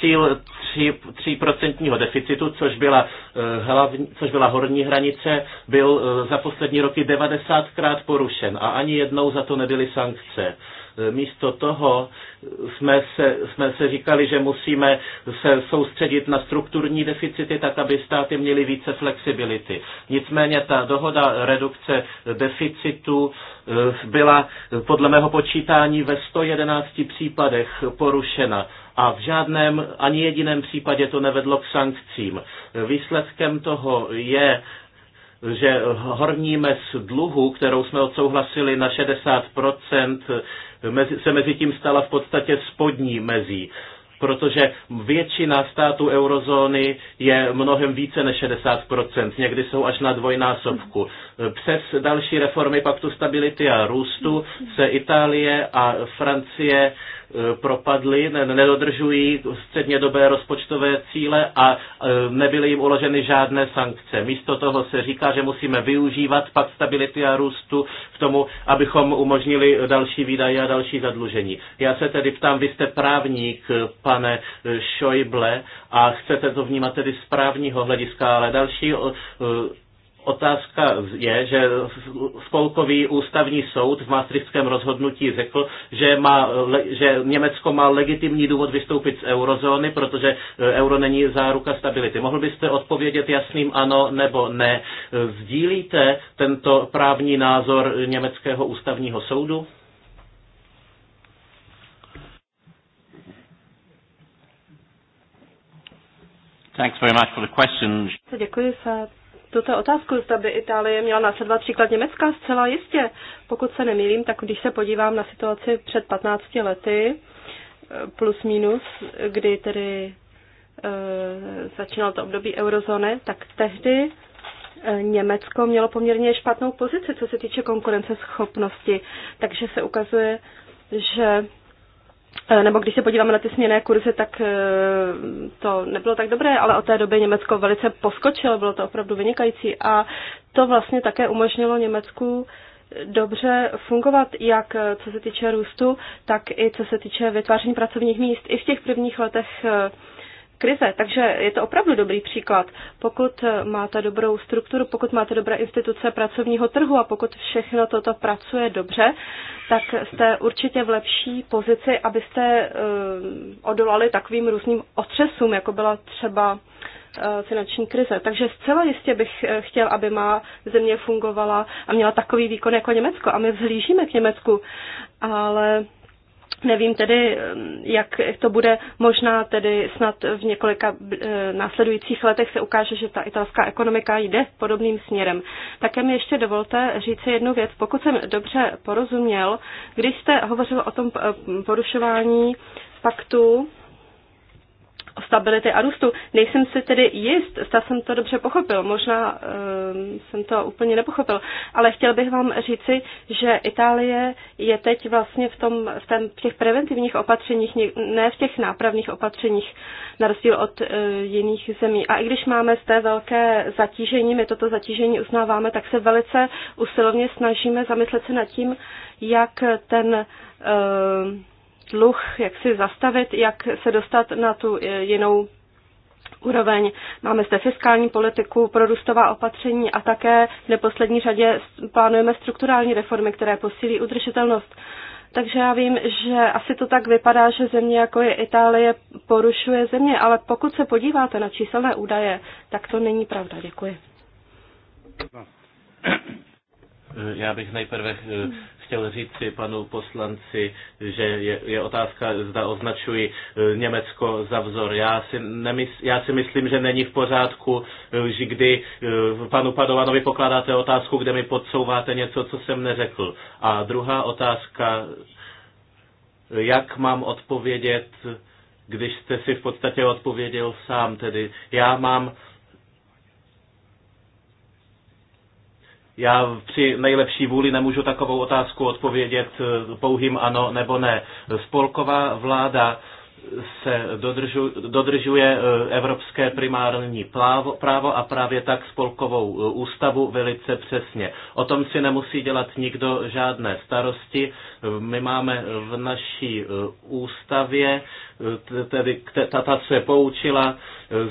Cíl 3% deficitu, což byla, eh, hlavní, což byla horní hranice, byl za poslední roky 90krát porušen a ani jednou za to nebyly sankce. Místo toho jsme, se, jsme se říkali, že musíme se soustředit na strukturní deficity, tak aby státy měly více flexibility. Nicméně ta dohoda redukce deficitu eh, byla podle mého počítání ve 111 případech porušena a v žádném ani jediném případě to nevedlo k sankcím. Výsledkem toho je že horní mez dluhu, kterou jsme odsouhlasili na 60%, se mezi tím stala v podstatě spodní mezí protože většina států eurozóny je mnohem více než 60%, někdy jsou až na dvojnásobku. Přes další reformy paktu stability a růstu se Itálie a Francie Eh, propadly, nedodržují střednědobé rozpočtové cíle a eh, nebyly jim uloženy žádné sankce. Místo toho se říká, že musíme využívat pak stability a růstu k tomu, abychom umožnili další výdaje a další zadlužení. Já se tedy ptám, vy jste právník, pane Šojble, a chcete to vnímat tedy z právního hlediska, ale další eh, Otázka je, že spolkový ústavní soud v Maastrichtském rozhodnutí řekl, že, má, že Německo má legitimní důvod vystoupit z eurozóny, protože eh, euro není záruka stability. Mohl byste odpovědět jasným ano nebo ne? Sdílíte tento právní názor Německého ústavního soudu? Thanks very much for the question.
Děkuji za tuto otázku, zda by Itálie měla následovat příklad Německa, zcela jistě. Pokud se nemýlím, tak když se podívám na situaci před 15 lety, plus minus, kdy tedy e, začínalo to období eurozóny, tak tehdy eh, Německo mělo poměrně špatnou pozici, co se týče konkurenceschopnosti. Takže se ukazuje, že Eh, nebo když se podíváme na ty směné kurzy, tak eh, to nebylo tak dobré, ale od té doby Německo velice poskočilo, bylo to opravdu vynikající a to vlastně také umožnilo Německu eh, dobře fungovat, jak co se týče růstu, tak i co se týče vytváření pracovních míst. I v těch prvních letech krize. Takže je to opravdu dobrý příklad. Pokud máte dobrou strukturu, pokud máte dobré instituce pracovního trhu a pokud všechno toto pracuje dobře, tak jste určitě v lepší pozici, abyste eh, odolali takovým různým otřesům, jako byla třeba eh, finanční krize. Takže zcela jistě bych eh, chtěl, aby má země fungovala a měla takový výkon jako Německo. A my vzhlížíme k Německu, ale Nevím tedy, jak to bude. Možná tedy snad v několika eh, následujících letech se ukáže, že ta italská ekonomika jde podobným směrem. Také mi ještě dovolte říct jednu věc. Pokud jsem dobře porozuměl, když jste hovořil o tom eh, porušování paktu stability a růstu. Nejsem si tedy jist, zda jsem to dobře pochopil, možná um, jsem to úplně nepochopil, ale chtěl bych vám říci, že Itálie je teď vlastně v, tom, v, tém, v těch preventivních opatřeních, ne v těch nápravných opatřeních, na rozdíl od uh, jiných zemí. A i když máme z té velké zatížení, my toto zatížení uznáváme, tak se velice usilovně snažíme zamyslet se nad tím, jak ten uh, dluh, jak si zastavit, jak se dostat na tu e, jinou úroveň. Máme zde fiskální politiku, prorůstová opatření a také v neposlední řadě plánujeme strukturální reformy, které posílí udržitelnost. Takže já vím, že asi to tak vypadá, že země jako je Itálie porušuje země, ale pokud se podíváte na číselné údaje, tak to není pravda. Děkuji.
Já bych nejprve eh, chtěl říci panu poslanci, že je, je otázka, zda označuji e, Německo za vzor. Já si, nemys, já si myslím, že není v pořádku, e, že kdy e, panu Padovanovi pokládáte otázku, kde mi podsouváte něco, co jsem neřekl. A druhá otázka, jak mám odpovědět, když jste si v podstatě odpověděl sám, tedy já mám Já při nejlepší vůli nemůžu takovou otázku odpovědět eh, pouhým ano nebo ne. Spolková vláda se dodržuje eh, evropské primární právo, právo a právě tak spolkovou eh, ústavu velice přesně. O tom si nemusí dělat nikdo žádné starosti. My máme v naší ústavě, tedy ta, ta se poučila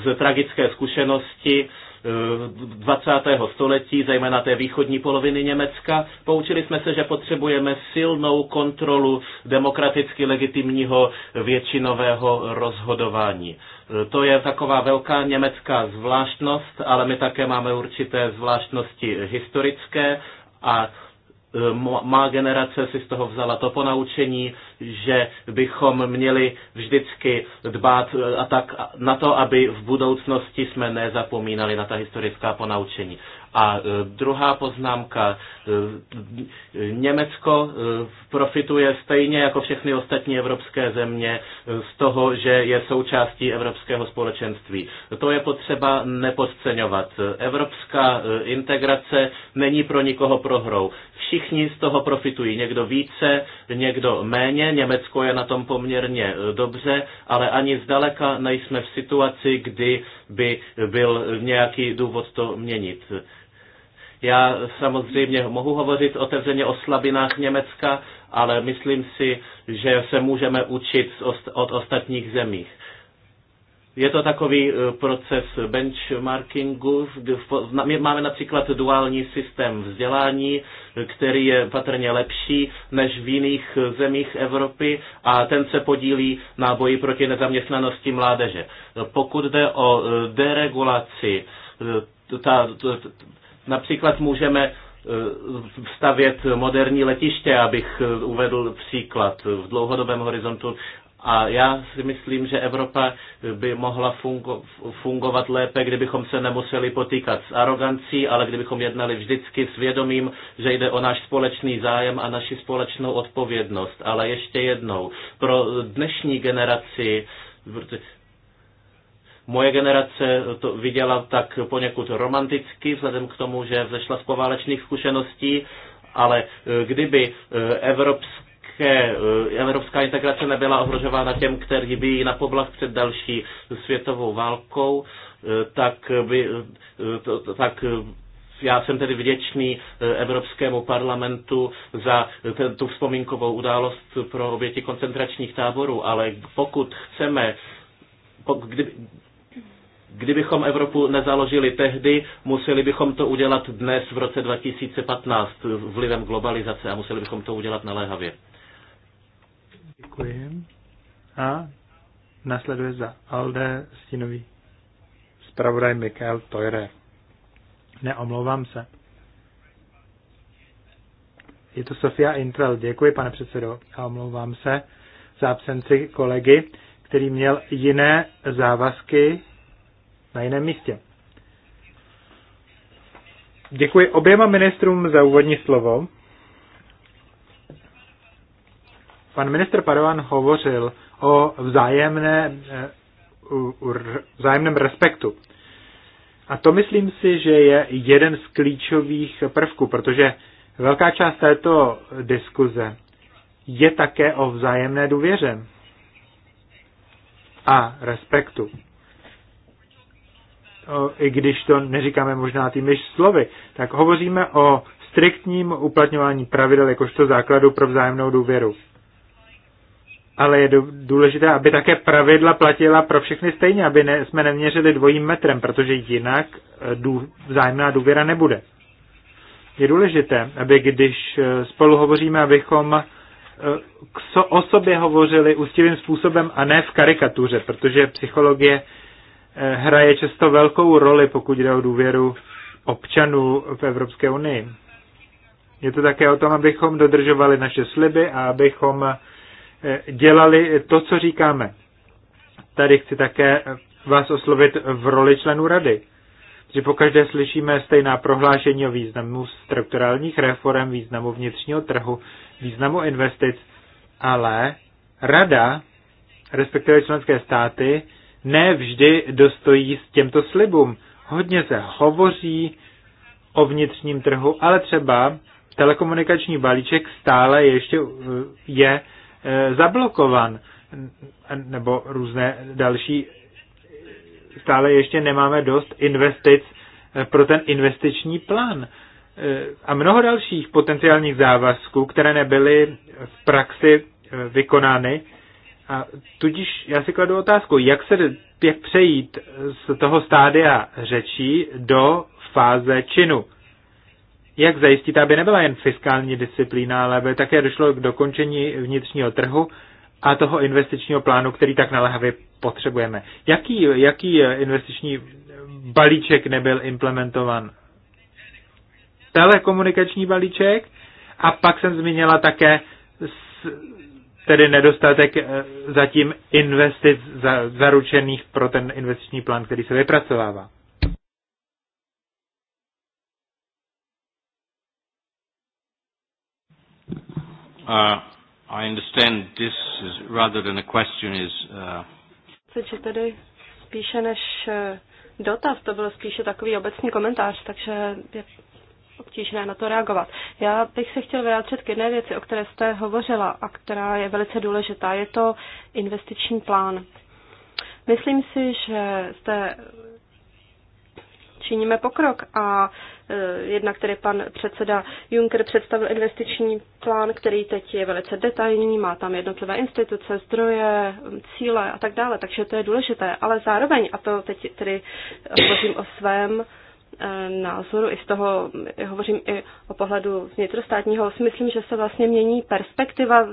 z tragické zkušenosti 20. Eh, století, zejména té východní poloviny Německa. Poučili jsme se, že potřebujeme silnou kontrolu demokraticky legitimního většinového rozhodování. Eh, to je taková velká německá zvláštnost, ale my také máme určité zvláštnosti historické a má generace si z toho vzala to ponaučení, že bychom měli vždycky dbát e, a tak na to, aby v budoucnosti jsme nezapomínali na ta historická ponaučení. A e, druhá poznámka. E, Německo e, profituje stejně jako všechny ostatní evropské země z toho, že je součástí evropského společenství. To je potřeba nepodceňovat. Evropská integrace není pro nikoho prohrou. Všichni z toho profitují. Někdo více, někdo méně. Německo je na tom poměrně dobře, ale ani zdaleka nejsme v situaci, kdy by byl nějaký důvod to měnit. Já samozřejmě mohu hovořit otevřeně o slabinách Německa, ale myslím si, že se můžeme učit od ostatních zemích. Je to takový eh, proces benchmarkingu. My máme například duální systém vzdělání, který je patrně lepší než v jiných eh, zemích Evropy a ten se podílí na boji proti nezaměstnanosti mládeže. Pokud jde o eh, deregulaci, ta, Například můžeme e, stavět moderní letiště, abych e, uvedl příklad v dlouhodobém horizontu. A já si myslím, že Evropa by mohla fungo- fungovat lépe, kdybychom se nemuseli potýkat s arogancí, ale kdybychom jednali vždycky s vědomím, že jde o náš společný zájem a naši společnou odpovědnost. Ale ještě jednou, pro dnešní generaci Moje generace to viděla tak poněkud romanticky, vzhledem k tomu, že vzešla z poválečných zkušeností, ale eh, kdyby eh, evropská eh, evropská integrace nebyla ohrožována těm, kteří by ji napoblach před další světovou válkou, tak, by, tak já jsem tedy vděčný Evropskému parlamentu za ten, tu vzpomínkovou událost pro oběti koncentračních táborů, ale pokud chceme, kdyby, Kdybychom Evropu nezaložili tehdy, museli bychom to udělat dnes v roce 2015 vlivem globalizace a museli bychom to udělat naléhavě.
Děkuji. A nasleduje za Alde Stinový zpravodaj Mikael Tojre. Neomlouvám se. Je to Sofia Intral. Děkuji, pane předsedo. A omlouvám se za absenci kolegy, který měl jiné závazky na jiném místě. Děkuji oběma ministrům za úvodní slovo. Pan ministr Padovan hovořil o vzájemné, eh, vzájemném respektu. A to myslím si, že je jeden z klíčových prvků, protože velká část této diskuze je také o vzájemné důvěře a respektu i když to neříkáme možná tými slovy, tak hovoříme o striktním uplatňování pravidel jakožto základu pro vzájemnou důvěru. Ale je důležité, aby také pravidla platila pro všechny stejně, aby ne, jsme neměřili dvojím metrem, protože jinak e, dů, vzájemná důvěra nebude. Je důležité, aby když e, spolu hovoříme, abychom e, k so, o sobě hovořili ústivým způsobem a ne v karikatuře, protože psychologie Eh, hraje často velkou roli, pokud jde o důvěru občanů v Evropské unii. Je to také o tom, abychom dodržovali naše sliby a abychom eh, dělali to, co říkáme. Tady chci také vás oslovit v roli členů rady, že pokaždé slyšíme stejná prohlášení o významu strukturálních reform, významu vnitřního trhu, významu investic, ale rada, respektive členské státy, ne vždy dostojí s těmto slibům. Hodně se hovoří o vnitřním trhu, ale třeba telekomunikační balíček stále ještě uh, je uh, zablokovan, nebo různé další, stále ještě nemáme dost investic eh, pro ten investiční plán eh, a mnoho dalších potenciálních závazků, které nebyly v praxi eh, vykonány, a tudíž já si kladu otázku, jak se jak přejít z toho stádia řečí do fáze činu. Jak zajistit, aby nebyla jen fiskální disciplína, ale aby také došlo k dokončení vnitřního trhu a toho investičního plánu, který tak naléhavě potřebujeme. Jaký, jaký investiční balíček nebyl implementovan? Telekomunikační balíček a pak jsem zmínila také tedy nedostatek eh, zatím investic za, zaručených pro ten investiční plán, který se vypracovává.
Uh, I understand this is rather
than a question is. Uh...
Takže tedy spíše než eh, dotaz, to byl spíše takový obecný komentář, takže obtížné na to reagovat. Já bych se chtěl vyjádřit k jedné věci, o které jste hovořila a která je velice důležitá. Je to investiční plán. Myslím si, že jste činíme pokrok a e, jednak tedy pan předseda Juncker představil investiční plán, který teď je velice detailní, má tam jednotlivé instituce, zdroje, cíle a tak dále, takže to je důležité, ale zároveň, a to teď tedy hovořím o svém E, názoru, i z toho e, hovořím i o pohledu vnitrostátního, si myslím, že se vlastně mění perspektiva, e,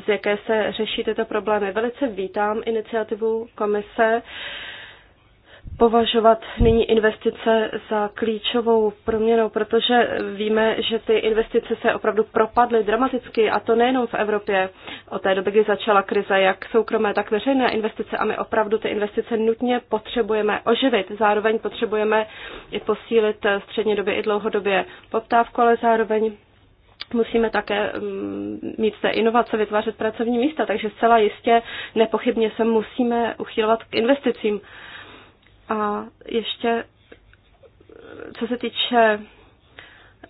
z jaké se řeší tyto problémy. Velice vítám iniciativu komise považovat nyní investice za klíčovou proměnou, protože víme, že ty investice se opravdu propadly dramaticky, a to nejenom v Evropě od té doby, kdy začala krize, jak soukromé, tak veřejné investice a my opravdu ty investice nutně potřebujeme oživit. Zároveň potřebujeme i posílit době i dlouhodobě poptávku, ale zároveň musíme také mm, mít té inovace, vytvářet pracovní místa, takže zcela jistě nepochybně se musíme uchylovat k investicím. A ještě co se týče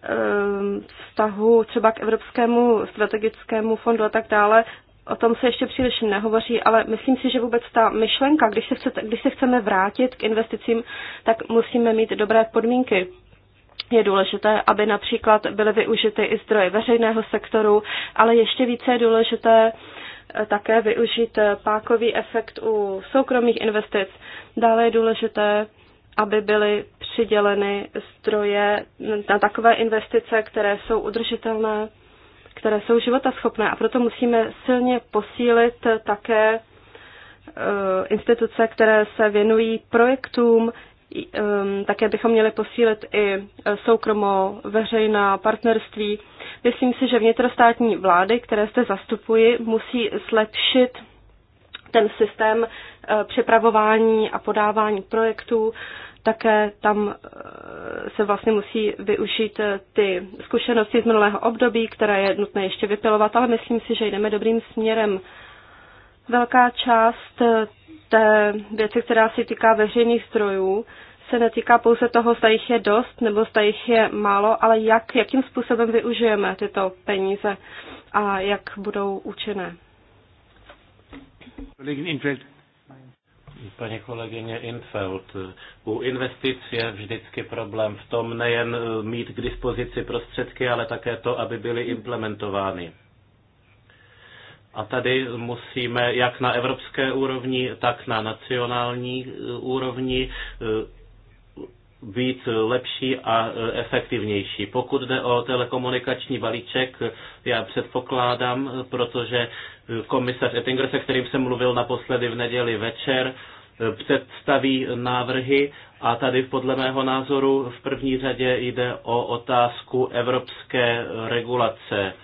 Eh, vztahu třeba k Evropskému strategickému fondu a tak dále, o tom se ještě příliš nehovoří, ale myslím si, že vůbec ta myšlenka, když se, chcete, když se chceme vrátit k investicím, tak musíme mít dobré podmínky. Je důležité, aby například byly využity i zdroje veřejného sektoru, ale ještě více je důležité eh, také využít eh, pákový efekt u soukromých investic. Dále je důležité aby byly přiděleny stroje na takové investice, které jsou udržitelné, které jsou životaschopné. A proto musíme silně posílit také e, instituce, které se věnují projektům, e, také bychom měli posílit i e, soukromo veřejná partnerství. Myslím si, že vnitrostátní vlády, které se zastupuji, musí zlepšit ten systém připravování a podávání projektů, také tam eh, se vlastně musí využít eh, ty zkušenosti z minulého období, které je nutné ještě vypilovat, ale myslím si, že jdeme dobrým směrem. Velká část eh, té věci, která se týká veřejných zdrojů, se netýká pouze toho, zda jich je dost nebo zda jich je málo, ale jak, jakým způsobem využijeme tyto peníze a jak budou účinné.
Paní kolegyně Infeld, u investic je vždycky problém v tom nejen eh, mít k dispozici prostředky, ale také to, aby byly implementovány. A tady musíme jak na evropské úrovni, tak na nacionální eh, úrovni eh, být lepší a e, efektivnější. Pokud jde o telekomunikační balíček, já předpokládám, protože komisař Ettinger, se kterým jsem mluvil naposledy v neděli večer, e, představí návrhy a tady podle mého názoru v první řadě jde o otázku evropské regulace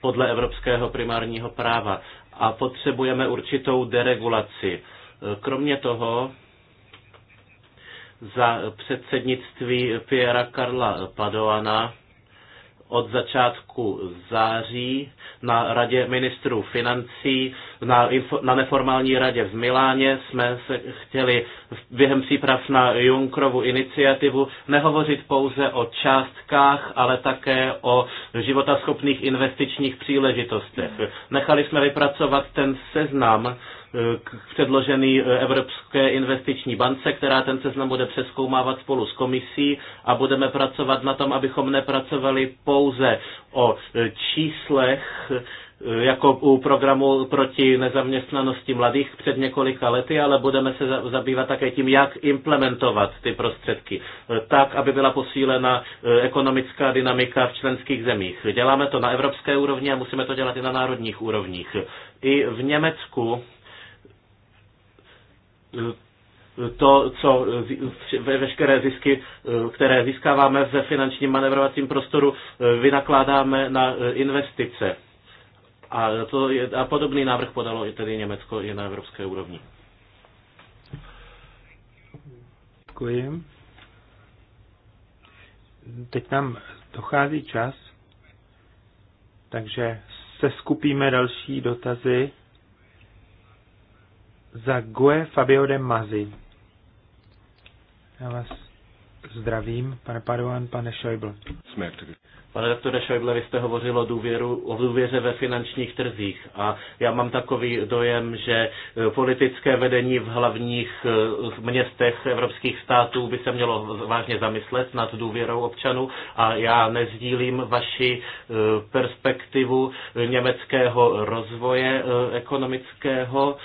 podle evropského primárního práva a potřebujeme určitou deregulaci. E, kromě toho za předsednictví Piera Karla Padoana od začátku září na radě ministrů financí, na, info, na neformální radě v Miláně jsme se chtěli během příprav na Junkrovu iniciativu nehovořit pouze o částkách, ale také o životaschopných investičních příležitostech. Nechali jsme vypracovat ten seznam předložený e, Evropské investiční bance, která ten seznam bude přeskoumávat spolu s komisí a budeme pracovat na tom, abychom nepracovali pouze o e, číslech, e, jako u programu proti nezaměstnanosti mladých před několika lety, ale budeme se zabývat také tím, jak implementovat ty prostředky, tak, aby byla posílena ekonomická dynamika v členských zemích. Děláme to na evropské úrovni a musíme to dělat i na národních úrovních. I v Německu to, co ve veškeré zisky, eh, které získáváme ve finančním manevrovacím prostoru, eh, vynakládáme na eh, investice. A, to je, a podobný návrh podalo i tedy Německo i na evropské úrovni.
Děkuji. Teď nám dochází čas, takže se skupíme další dotazy za Gue Fabio de Mazi. Já vás zdravím, pane Padovan, pane Schäuble. Finanzmärkte.
Pane doktore Schäuble, vy jste hovořil o, důvěru, o důvěře ve finančních trzích a já mám takový dojem, že eh, politické vedení v hlavních eh, městech evropských států by se mělo vážně zamyslet nad důvěrou občanů a já nezdílím vaši eh, perspektivu německého rozvoje ekonomického.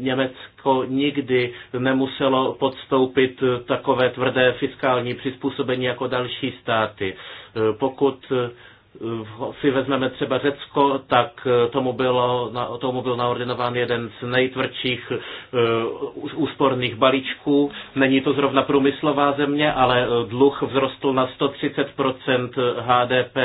Německo nikdy nemuselo podstoupit takové tvrdé fiskální přizpůsobení jako další státy. Eh, pokud eh, si vezmeme třeba Řecko, tak eh, tomu, bylo, tomu byl naordinován jeden z nejtvrdších úsporných balíčků. Není to zrovna průmyslová země, ale dluh vzrostl na 130 HDP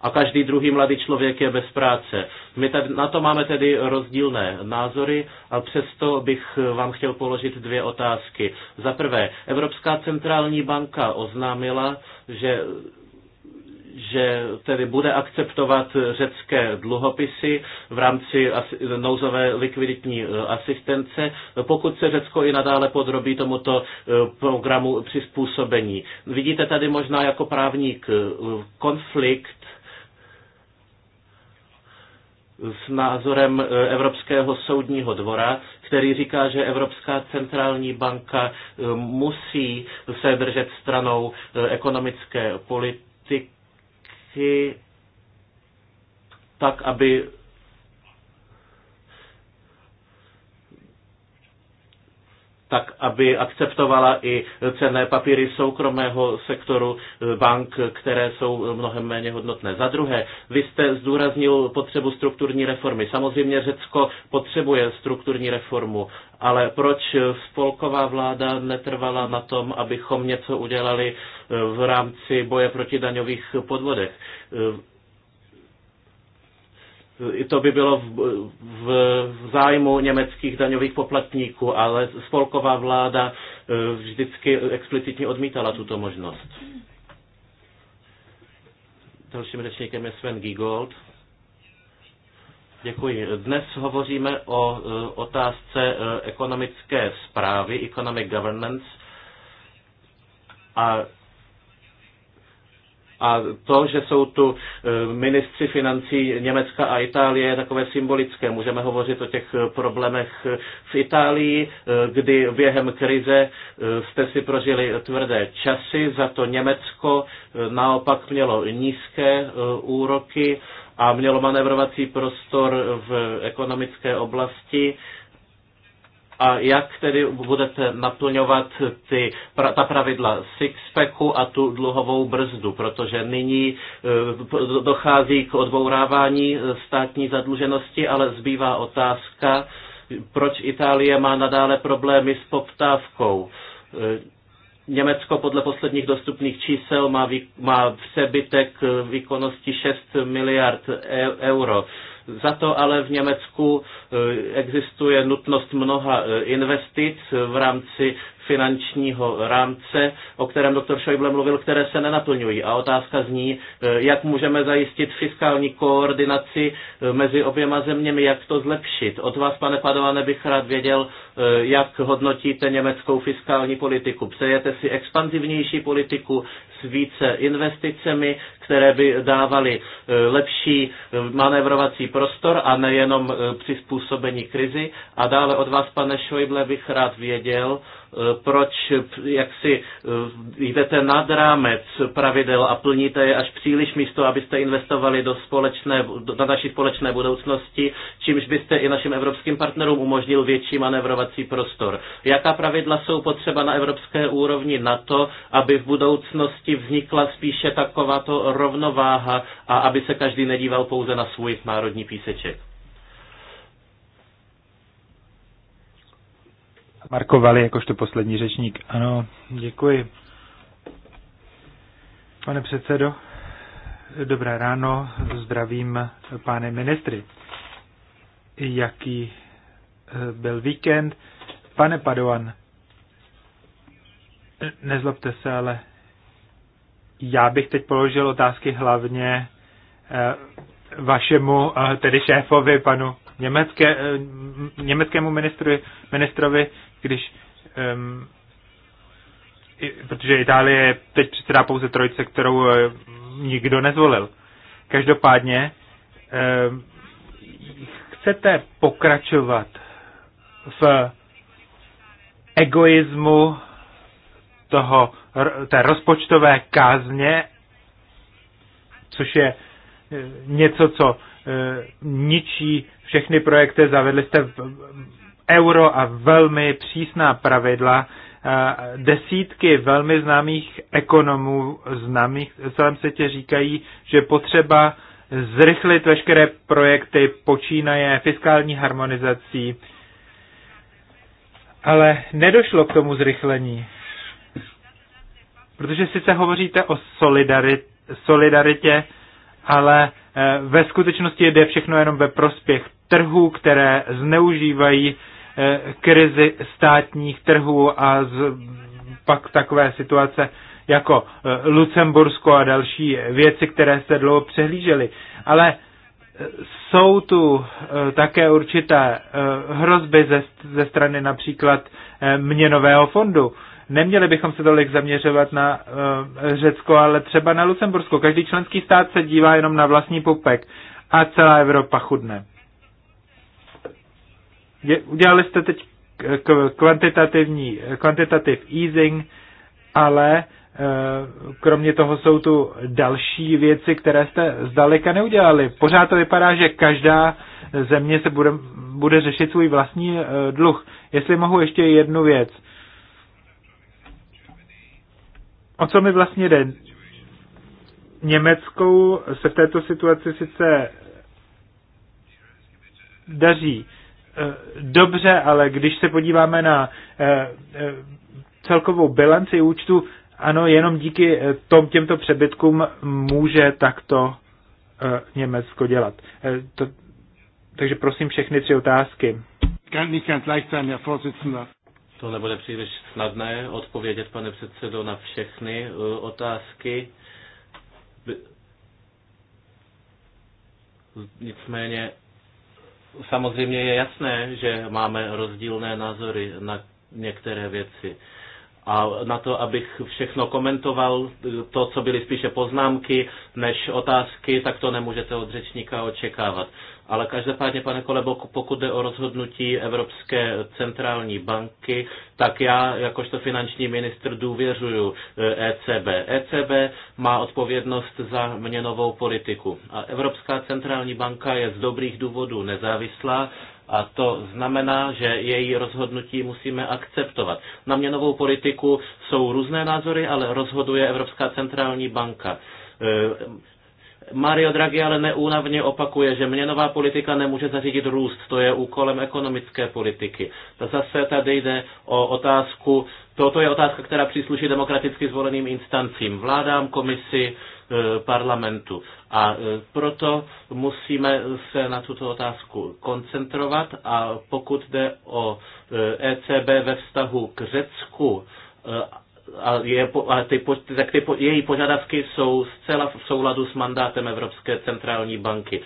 a každý druhý mladý člověk je bez práce. My tady, na to máme tedy rozdílné názory a přesto bych vám chtěl položit dvě otázky. Za prvé, Evropská centrální banka oznámila, že že tedy bude akceptovat řecké dluhopisy v rámci nouzové likviditní e, asistence, pokud se Řecko i nadále podrobí tomuto e, programu přizpůsobení. Vidíte tady možná jako právník e, konflikt s názorem e, Evropského soudního dvora, který říká, že Evropská centrální banka e, musí se držet stranou e, ekonomické politiky tak, aby tak aby akceptovala i cenné papíry soukromého sektoru eh, bank, které jsou eh, mnohem méně hodnotné. Za druhé, vy jste zdůraznil potřebu strukturní reformy. Samozřejmě Řecko potřebuje strukturní reformu, ale proč spolková vláda netrvala na tom, abychom něco udělali eh, v rámci boje proti daňových podvodech? I to by bylo v, v, v zájmu německých daňových poplatníků, ale spolková vláda e, vždycky explicitně odmítala tuto možnost. Dalším řečníkem je Sven Giegold. Děkuji. Dnes hovoříme o e, otázce e, ekonomické zprávy, economic governance. A a to, že jsou tu e, ministři financí Německa a Itálie, je takové symbolické. Můžeme hovořit o těch e, problémech e, v Itálii, kdy během krize jste si prožili tvrdé časy, za to Německo naopak mělo nízké úroky a mělo manevrovací prostor v ekonomické oblasti a jak tedy budete naplňovat ty, pra, ta pravidla sixpacku a tu dluhovou brzdu, protože nyní eh, dochází k odbourávání státní zadluženosti, ale zbývá otázka, proč Itálie má nadále problémy s poptávkou. Eh, Německo podle posledních dostupných čísel má, vý, má přebytek výkonnosti 6 miliard e, euro. Za to ale v Německu e, existuje nutnost mnoha e, investic v rámci finančního rámce, o kterém doktor Schäuble mluvil, které se nenaplňují. A otázka zní, e, jak můžeme zajistit fiskální koordinaci mezi oběma zeměmi, jak to zlepšit. Od vás, pane Padované, bych rád věděl, jak hodnotíte německou fiskální politiku. Přejete si expanzivnější politiku s více investicemi, které by dávaly e, lepší e, manévrovací prostor a nejenom e, přizpůsobení krizi. A dále od vás, pane Šojble, bych rád věděl, proč jak si jdete nad rámec pravidel a plníte je až příliš místo, abyste investovali do společné, na naší společné budoucnosti, čímž byste i našim evropským partnerům umožnil větší manevrovací prostor. Jaká pravidla jsou potřeba na evropské úrovni na to, aby v budoucnosti vznikla spíše takováto rovnováha a aby se každý nedíval pouze na svůj národní píseček.
Marko Vali, jakožto poslední řečník. Ano, děkuji. Pane předsedo, dobré ráno, zdravím pány ministry. Jaký eh, byl víkend? Pane Padovan, nezlobte se, ale já bych teď položil otázky hlavně eh, vašemu, eh, tedy šéfovi, panu německé, eh, německému ministru, ministrovi, když um, protože Itálie teď předsedá pouze trojce, kterou nikdo nezvolil. Každopádně um, chcete pokračovat v egoismu toho té rozpočtové kázně, což je e, něco, co e, ničí všechny projekty. Zavedli jste euro a velmi přísná pravidla. E, desítky velmi známých ekonomů, známých v celém světě říkají, že potřeba zrychlit veškeré projekty počínaje fiskální harmonizací, ale nedošlo k tomu zrychlení. Protože sice hovoříte o solidarit, solidaritě, ale eh, ve skutečnosti jde všechno jenom ve prospěch trhů, které zneužívají eh, krizi státních trhů a z, pak takové situace jako eh, Lucembursko a další věci, které se dlouho přehlížely. Ale jsou tu také určité hrozby ze, ze strany například měnového fondu, Neměli bychom se tolik zaměřovat na eh, Řecko, ale třeba na Lucembursko. Každý členský stát se dívá jenom na vlastní pupek a celá Evropa chudne. Udělali jste teď kvantitativní, kvantitativ easing, ale eh, kromě toho jsou tu další věci, které jste zdaleka neudělali. Pořád to vypadá, že každá země se bude, bude řešit svůj vlastní eh, dluh. Jestli mohu ještě jednu věc. O co mi vlastně jde? Německou se v této situaci sice daří eh, dobře, ale když se podíváme na eh, eh, celkovou bilanci účtu, ano, jenom díky tom, těmto přebytkům může takto Německo dělat. To, takže prosím všechny tři otázky.
To nebude příliš snadné odpovědět, pane předsedo, na všechny e, otázky. Nicméně samozřejmě je jasné, že máme rozdílné názory na některé věci. A na to, abych všechno komentoval, e, to, co byly spíše poznámky než otázky, tak to nemůžete od řečníka očekávat. Ale každopádně, pane Kolebo, pokud jde o rozhodnutí Evropské centrální banky, tak já jakožto finanční ministr důvěřuju ECB. Eh, e ECB má odpovědnost za měnovou politiku. A Evropská centrální banka je z dobrých důvodů nezávislá a to znamená, že její rozhodnutí musíme akceptovat. Na měnovou politiku jsou různé názory, ale rozhoduje Evropská centrální banka eh, Mario Draghi ale neúnavně opakuje, že měnová politika nemůže zařídit růst, to je úkolem ekonomické politiky. To Zase tady jde o otázku, toto je otázka, která přísluší demokraticky zvoleným instancím, vládám, komisi, e, parlamentu. A e, proto musíme se na tuto otázku koncentrovat a pokud jde o ECB e ve vztahu k Řecku, a, je, a ty, tak ty, její požadavky jsou zcela v souladu s mandátem Evropské centrální banky.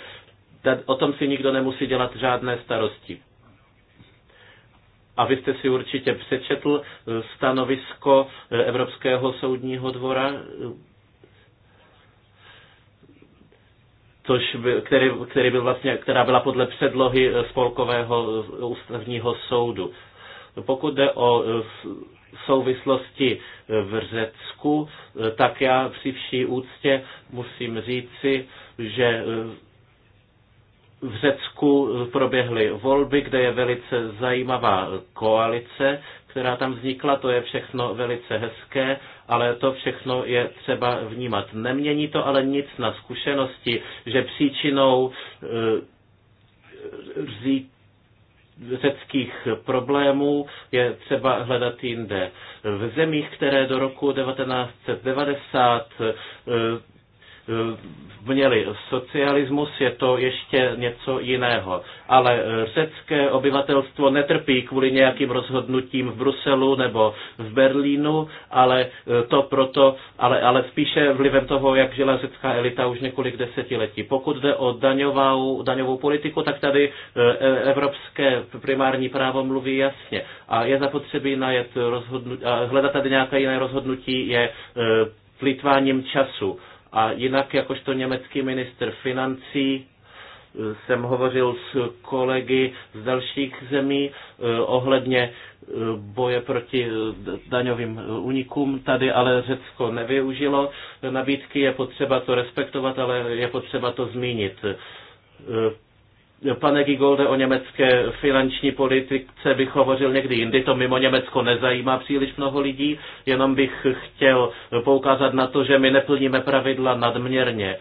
O tom si nikdo nemusí dělat žádné starosti. A vy jste si určitě přečetl eh, stanovisko eh, Evropského soudního dvora, což by, který, který byl vlastně, která byla podle předlohy eh, spolkového ústavního soudu. Pokud jde o e, souvislosti e, v Řecku, e, tak já při vší úctě musím říci, že v Řecku proběhly volby, kde je velice zajímavá koalice, která tam vznikla, to je všechno velice hezké, ale to všechno je třeba vnímat. Nemění to ale nic na zkušenosti, že příčinou říct, řeckých problémů je třeba hledat jinde. V zemích, které do roku 1990 měli socialismus, je to ještě něco jiného. Ale eh, řecké obyvatelstvo netrpí kvůli nějakým rozhodnutím v Bruselu nebo v Berlínu, ale eh, to proto, ale, ale spíše vlivem toho, jak žila řecká elita už několik desetiletí. Pokud jde o daňovou, daňovou politiku, tak tady eh, e, evropské primární právo mluví jasně. A je zapotřebí najet rozhodnutí, hledat tady nějaké jiné rozhodnutí je plýtváním času a jinak, jakožto německý minister financí, eh, jsem hovořil s kolegy z dalších zemí eh, ohledně eh, boje proti daňovým únikům. Tady ale Řecko nevyužilo nabídky, je potřeba to respektovat, ale je potřeba to zmínit. Pane Gigolde, o německé finanční politice bych hovořil někdy jindy, to mimo Německo nezajímá příliš mnoho lidí, jenom bych chtěl poukázat na to, že my neplníme pravidla nadměrně.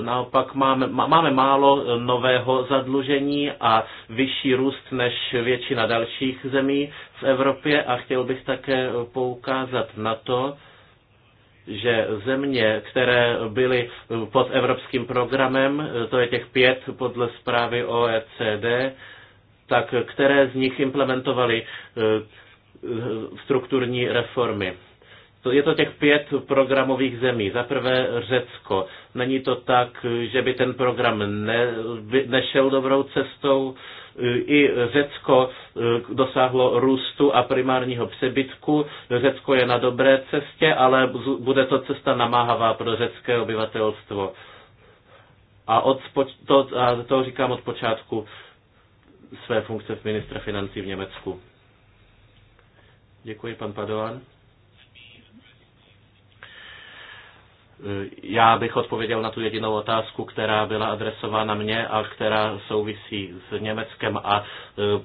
Naopak máme, máme málo nového zadlužení a vyšší růst než většina dalších zemí v Evropě a chtěl bych také poukázat na to, že země, které byly pod evropským programem, to je těch pět podle zprávy OECD, tak které z nich implementovaly eh, strukturní reformy. Je to těch pět programových zemí. Za prvé Řecko. Není to tak, že by ten program ne, nešel dobrou cestou i Řecko eh, dosáhlo růstu a primárního přebytku. Řecko je na dobré cestě, ale bude to cesta namáhavá pro řecké obyvatelstvo. A, od, to, a to říkám od počátku své funkce v ministra financí v Německu. Děkuji, pan Padovan. Já bych odpověděl na tu jedinou otázku, která byla adresována mně a která souvisí s Německem a e,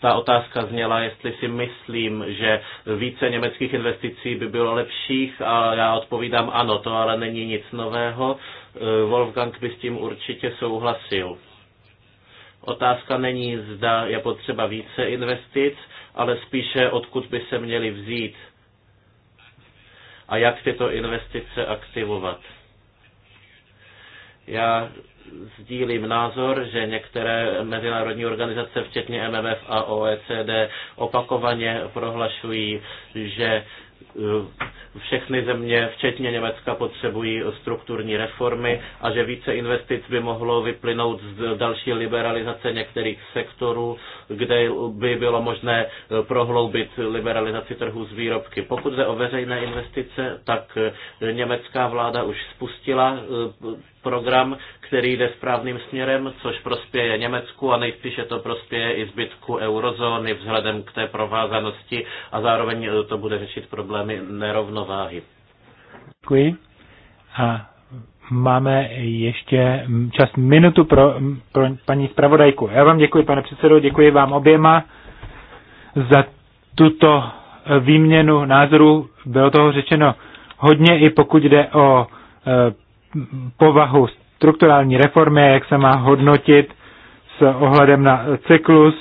ta otázka zněla, jestli si myslím, že více německých investicí by bylo lepších a já odpovídám ano, to ale není nic nového. E, Wolfgang by s tím určitě souhlasil. Otázka není, zda je potřeba více investic, ale spíše odkud by se měly vzít a jak tyto investice aktivovat. Já sdílím názor, že některé mezinárodní organizace, včetně MMF a OECD, opakovaně prohlašují, že Eh, všechny země, včetně Německa, potřebují strukturní reformy a že více investic by mohlo vyplynout z další liberalizace některých sektorů, kde by bylo možné eh, prohloubit liberalizaci trhu z výrobky. Pokud jde o veřejné investice, tak eh, německá vláda už spustila program, který jde správným směrem, což prospěje Německu a nejspíše to prospěje i zbytku eurozóny vzhledem k té provázanosti a zároveň eh, to bude řešit problémy nerovnováhy.
Děkuji. A máme ještě čas minutu pro, pro paní zpravodajku. Já vám děkuji, pane předsedo, děkuji vám oběma za tuto výměnu názorů. Bylo toho řečeno hodně, i pokud jde o eh, povahu strukturální reformy, jak se má hodnotit s ohledem na cyklus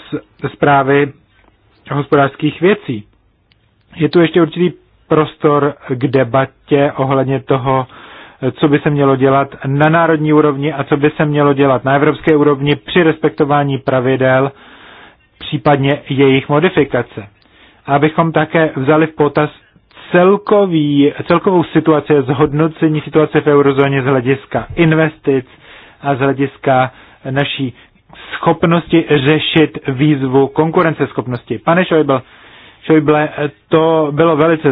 zprávy hospodářských věcí. Je tu ještě určitý prostor k debatě ohledně toho, co by se mělo dělat na národní úrovni a co by se mělo dělat na evropské úrovni při respektování pravidel, případně jejich modifikace. Abychom také vzali v potaz celkový, celkovou situaci zhodnocení situace v eurozóně z hlediska investic a z hlediska naší schopnosti řešit výzvu konkurenceschopnosti. Pane Schäuble, Schäuble, to bylo velice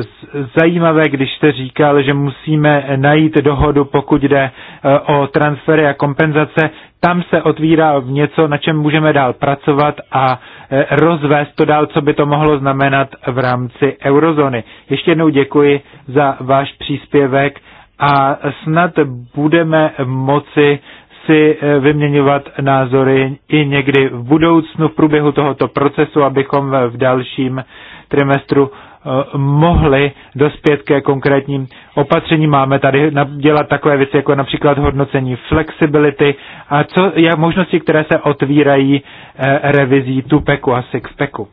zajímavé, když jste říkal, že musíme najít dohodu, pokud jde eh, o transfery a kompenzace tam se otvírá něco, na čem můžeme dál pracovat a e, rozvést to dál, co by to mohlo znamenat v rámci eurozóny. Ještě jednou děkuji za váš příspěvek a snad budeme moci si e, vyměňovat názory i někdy v budoucnu v průběhu tohoto procesu, abychom v dalším trimestru Eh, mohli dospět ke konkrétním opatřením. Máme tady dělat takové věci, jako například hodnocení flexibility a co je možnosti, které se otvírají eh, revizí tupeku a sixpeku.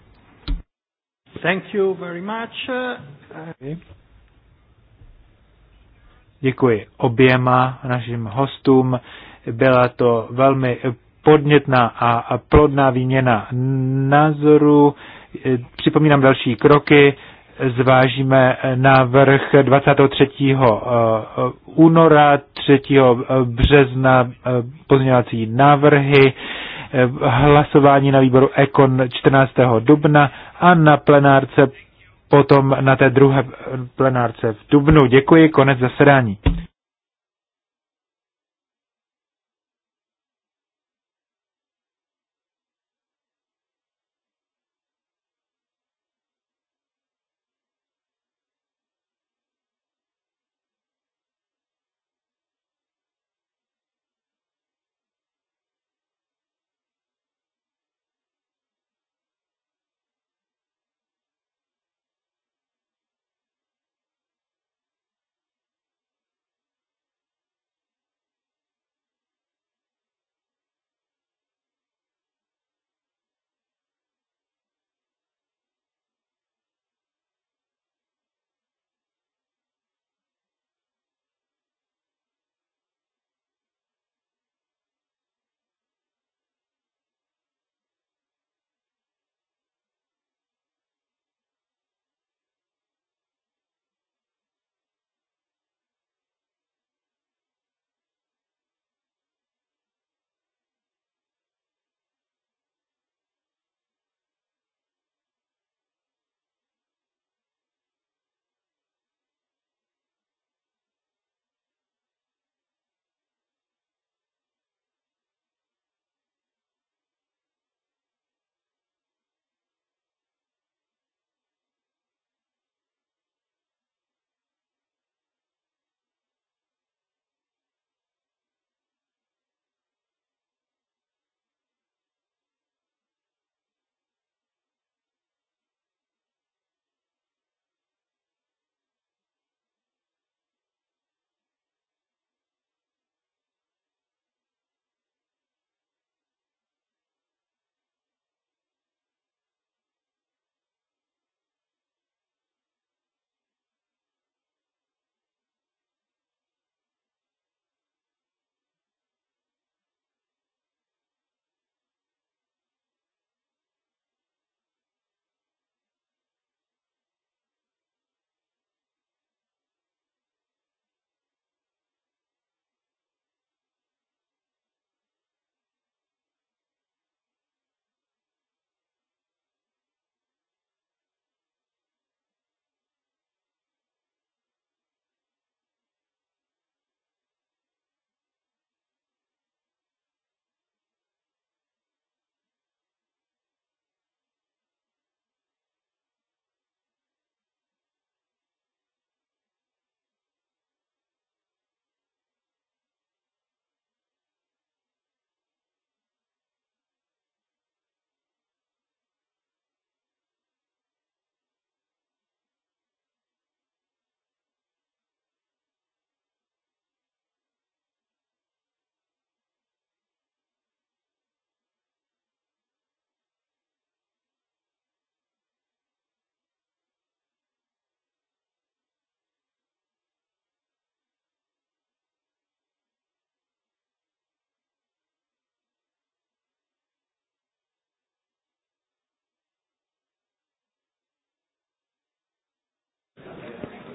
Thank you very much. Děkuji oběma našim hostům. Byla to velmi podnětná a plodná výměna názoru. Eh, připomínám další kroky zvážíme návrh 23. Eh, února, 3. Eh, března eh, pozměňovací návrhy, hlasování na výboru Ekon 14. dubna a na plenárce potom na té druhé plenárce v dubnu. Děkuji, konec zasedání.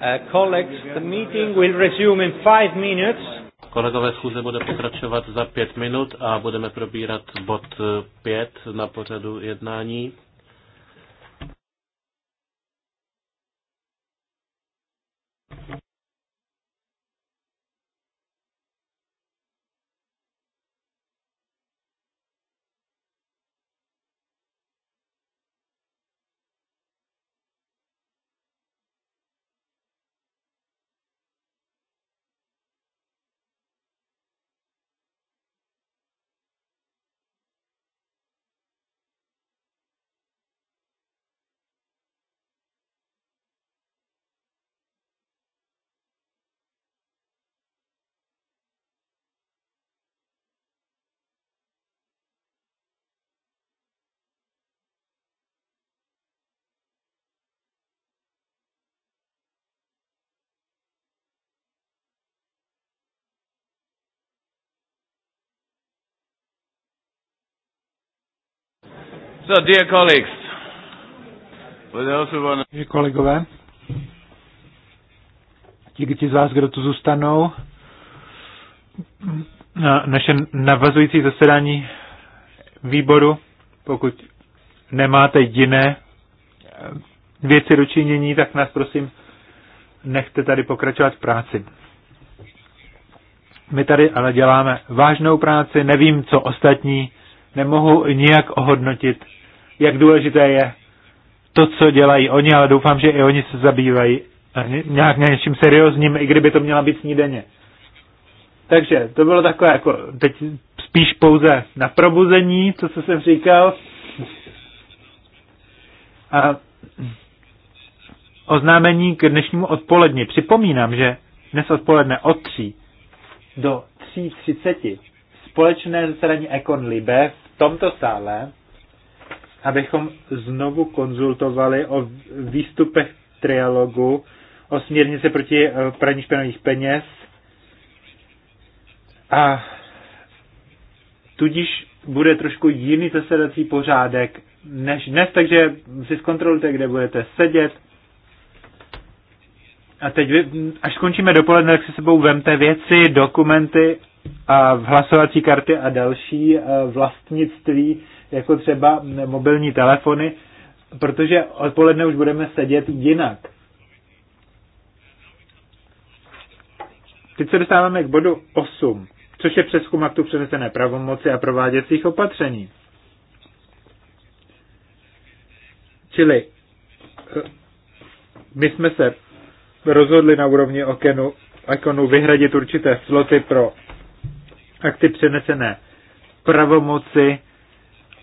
Uh, colleagues, the meeting will resume in five minutes.
Kolegové, schůze bude pokračovat za pět minut a budeme probírat bod eh, pět na pořadu jednání.
So, dear colleagues, to... kolegové, ti, ti z vás, kdo tu zůstanou, na naše navazující zasedání výboru, pokud nemáte jiné eh, věci dočinění, tak nás prosím nechte tady pokračovat v práci. My tady ale děláme vážnou práci, nevím, co ostatní, nemohu nijak ohodnotit jak důležité je to, co dělají oni, ale doufám, že i oni se zabývají nějak něčím seriózním, i kdyby to měla být snídeně. Takže to bylo takové jako teď spíš pouze na probuzení, co co jsem říkal. A oznámení k dnešnímu odpoledni. Připomínám, že dnes odpoledne od 3 do 3.30 společné zasedání Econ Libe v tomto sále abychom znovu konzultovali o výstupech trialogu, o směrnice proti eh, praní špinavých peněz a tudíž bude trošku jiný zasedací pořádek než dnes, takže si zkontrolujte, kde budete sedět. A teď, vy, až skončíme dopoledne, tak se sebou vemte věci, dokumenty a hlasovací karty a další eh, vlastnictví jako třeba mobilní telefony, protože odpoledne už budeme sedět jinak. Teď se dostáváme k bodu 8, což je přeskum aktu přenesené pravomoci a prováděcích opatření. Čili eh, my jsme se rozhodli na úrovni okenu, ikonu vyhradit určité sloty pro akty přenesené pravomoci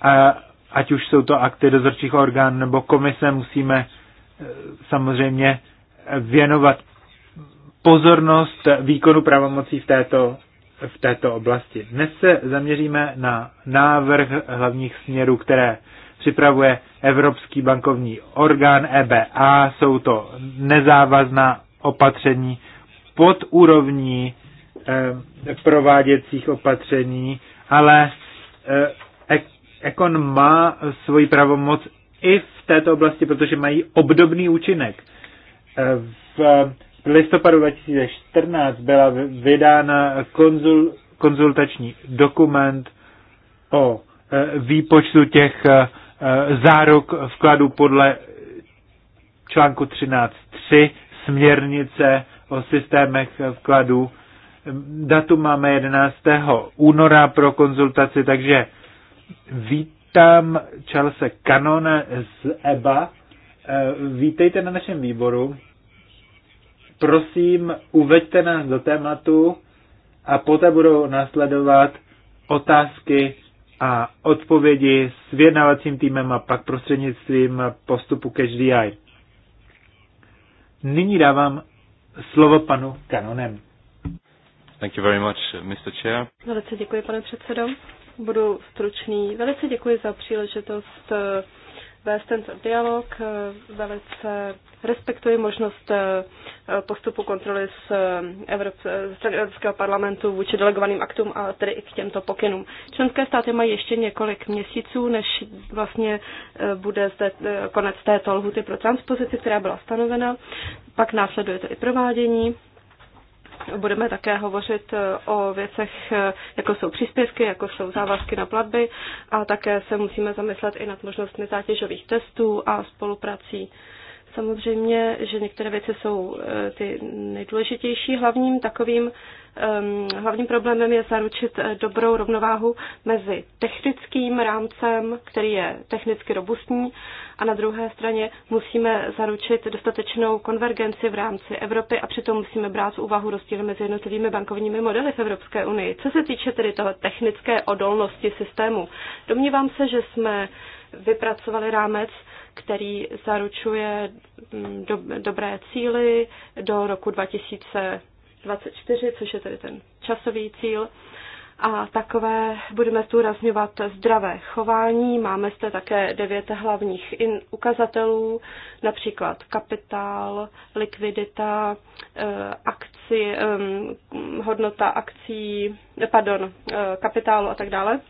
a ať už jsou to akty dozorčích orgánů nebo komise, musíme eh, samozřejmě věnovat pozornost výkonu pravomocí v této, v této oblasti. Dnes se zaměříme na návrh hlavních směrů, které připravuje Evropský bankovní orgán EBA. Jsou to nezávazná opatření pod úrovní eh, prováděcích opatření, ale eh, Ekon má svoji pravomoc i v této oblasti, protože mají obdobný účinek. E, v listopadu 2014 byla vydána konzul, konzultační dokument o e, výpočtu těch e, záruk vkladů podle článku 13.3 směrnice o systémech vkladů. Datum máme 11. února pro konzultaci, takže Vítám Charlesa Kanona z EBA. E, vítejte na našem výboru. Prosím, uveďte nás do tématu a poté budou následovat otázky a odpovědi s vyjednávacím týmem a pak prostřednictvím postupu ke DI. Nyní dávám slovo panu Kanonem. Thank you very much, Mr. Chair.
Velice děkuji, pane předsedo budu stručný. Velice děkuji za příležitost eh, vést tento dialog. Eh, velice respektuji možnost eh, postupu kontroly z Evropského parlamentu vůči delegovaným aktům a tedy i k těmto pokynům. Členské státy mají ještě několik měsíců, než vlastně bude zde konec této lhuty pro transpozici, která byla stanovena. Pak následuje to i provádění budeme také hovořit e, o věcech, e, jako jsou příspěvky, jako jsou závazky na platby a také se musíme zamyslet i nad možnostmi zátěžových testů a spoluprací Samozřejmě, že některé věci jsou eh, ty nejdůležitější. Hlavním takovým ehm, hlavním problémem je zaručit eh, dobrou rovnováhu mezi technickým rámcem, který je technicky robustní, a na druhé straně musíme zaručit dostatečnou konvergenci v rámci Evropy a přitom musíme brát v úvahu rozdíly mezi jednotlivými bankovními modely v Evropské unii. Co se týče tedy toho technické odolnosti systému, domnívám se, že jsme vypracovali rámec, který zaručuje mm, do, dobré cíly do roku 2024, což je tedy ten časový cíl. A takové budeme zdůrazňovat zdravé chování. Máme zde také devět hlavních in, ukazatelů, například kapitál, likvidita, eh, akci, hodnota akcí, pardon, eh, kapitálu a tak dále.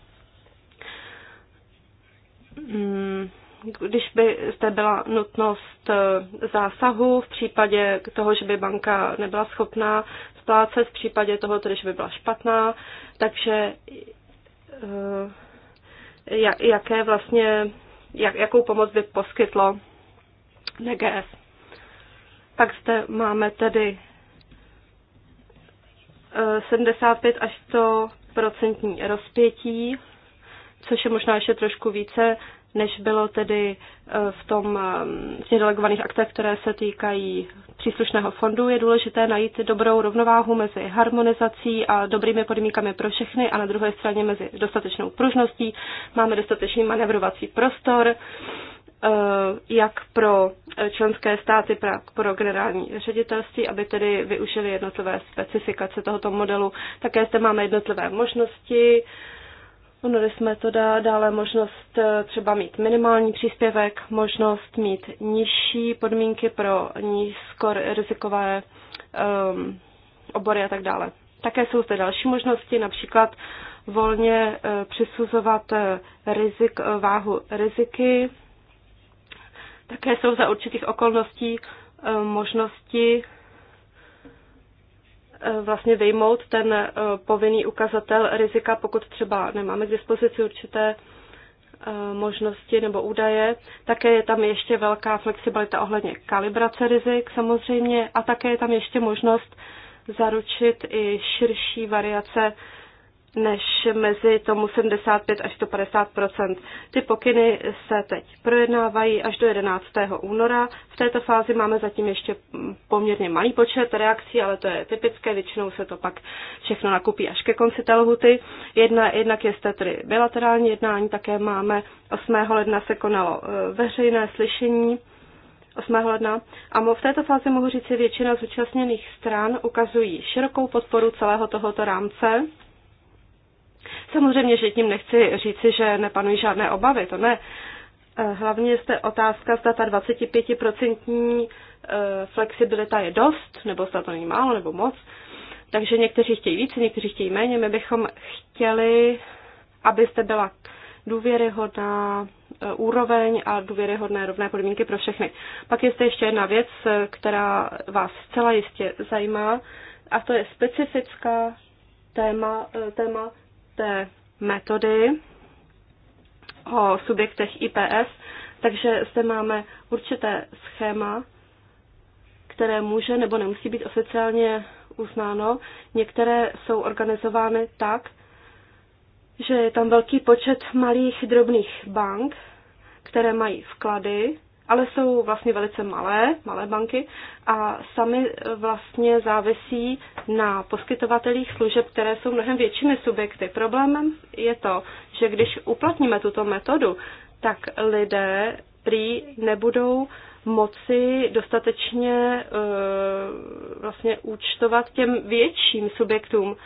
Hmm když by zde byla nutnost eh, zásahu v případě toho, že by banka nebyla schopná splácet, v případě toho, když by byla špatná. Takže eh, jaké vlastně, jak, jakou pomoc by poskytlo NGS? Pak zde máme tedy 75 eh, až 100 procentní rozpětí, což je možná ještě trošku více než bylo tedy eh, v tom v eh, těch delegovaných aktech, které se týkají příslušného fondu, je důležité najít dobrou rovnováhu mezi harmonizací a dobrými podmínkami pro všechny a na druhé straně mezi dostatečnou pružností. Máme dostatečný manevrovací prostor eh, jak pro členské státy, tak pro generální ředitelství, aby tedy využili jednotlivé specifikace tohoto modelu. Také zde máme jednotlivé možnosti, Unili jsme to dá, dále možnost eh, třeba mít minimální příspěvek, možnost mít nižší podmínky pro rizikové um, ehm, obory a tak dále. Také jsou zde další možnosti, například volně eh, přisuzovat eh, rizik, váhu riziky. Také jsou za určitých okolností možnosti Eh, vlastně vyjmout ten eh, povinný ukazatel rizika, pokud třeba nemáme k dispozici určité eh, možnosti nebo údaje. Také je tam ještě velká flexibilita ohledně kalibrace rizik samozřejmě a také je tam ještě možnost zaručit i širší variace než mezi tomu 75 až 150 Ty pokyny se teď projednávají až do 11. února. V této fázi máme zatím ještě poměrně malý počet reakcí, ale to je typické, většinou se to pak všechno nakupí až ke konci té lhuty. Jedna, jednak je tedy bilaterální jednání, také máme 8. ledna se konalo e, veřejné slyšení 8. ledna. A v této fázi mohu říct, že většina zúčastněných stran ukazují širokou podporu celého tohoto rámce Samozřejmě, že tím nechci říci, že nepanují žádné obavy, to ne. Eh, hlavně je zde otázka, zda ta 25% eh, flexibilita je dost, nebo zda to není málo, nebo moc. Takže někteří chtějí více, někteří chtějí méně. My bychom chtěli, abyste byla důvěryhodná eh, úroveň a důvěryhodné rovné podmínky pro všechny. Pak je zde ještě jedna věc, která vás zcela jistě zajímá, a to je specifická téma, téma té metody o subjektech IPS, takže zde máme určité schéma, které může nebo nemusí být oficiálně uznáno. Některé jsou organizovány tak, že je tam velký počet malých drobných bank, které mají vklady ale jsou vlastně velice malé, malé banky a sami vlastně závisí na poskytovatelích služeb, které jsou mnohem většími subjekty. Problémem je to, že když uplatníme tuto metodu, tak lidé prý nebudou moci dostatečně eh, vlastně účtovat těm větším subjektům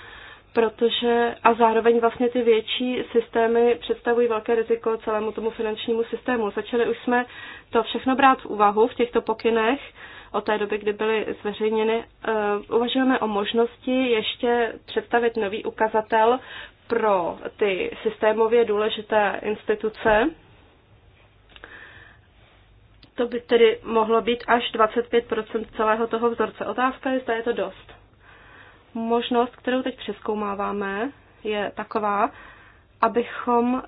protože a zároveň vlastně ty větší systémy představují velké riziko celému tomu finančnímu systému. Začali už jsme to všechno brát v úvahu v těchto pokynech od té doby, kdy byly zveřejněny. Eh, uvažujeme o možnosti ještě představit nový ukazatel pro ty systémově důležité instituce. To by tedy mohlo být až 25 celého toho vzorce. Otázka je, zda je to dost. Možnost, kterou teď přeskoumáváme, je taková, abychom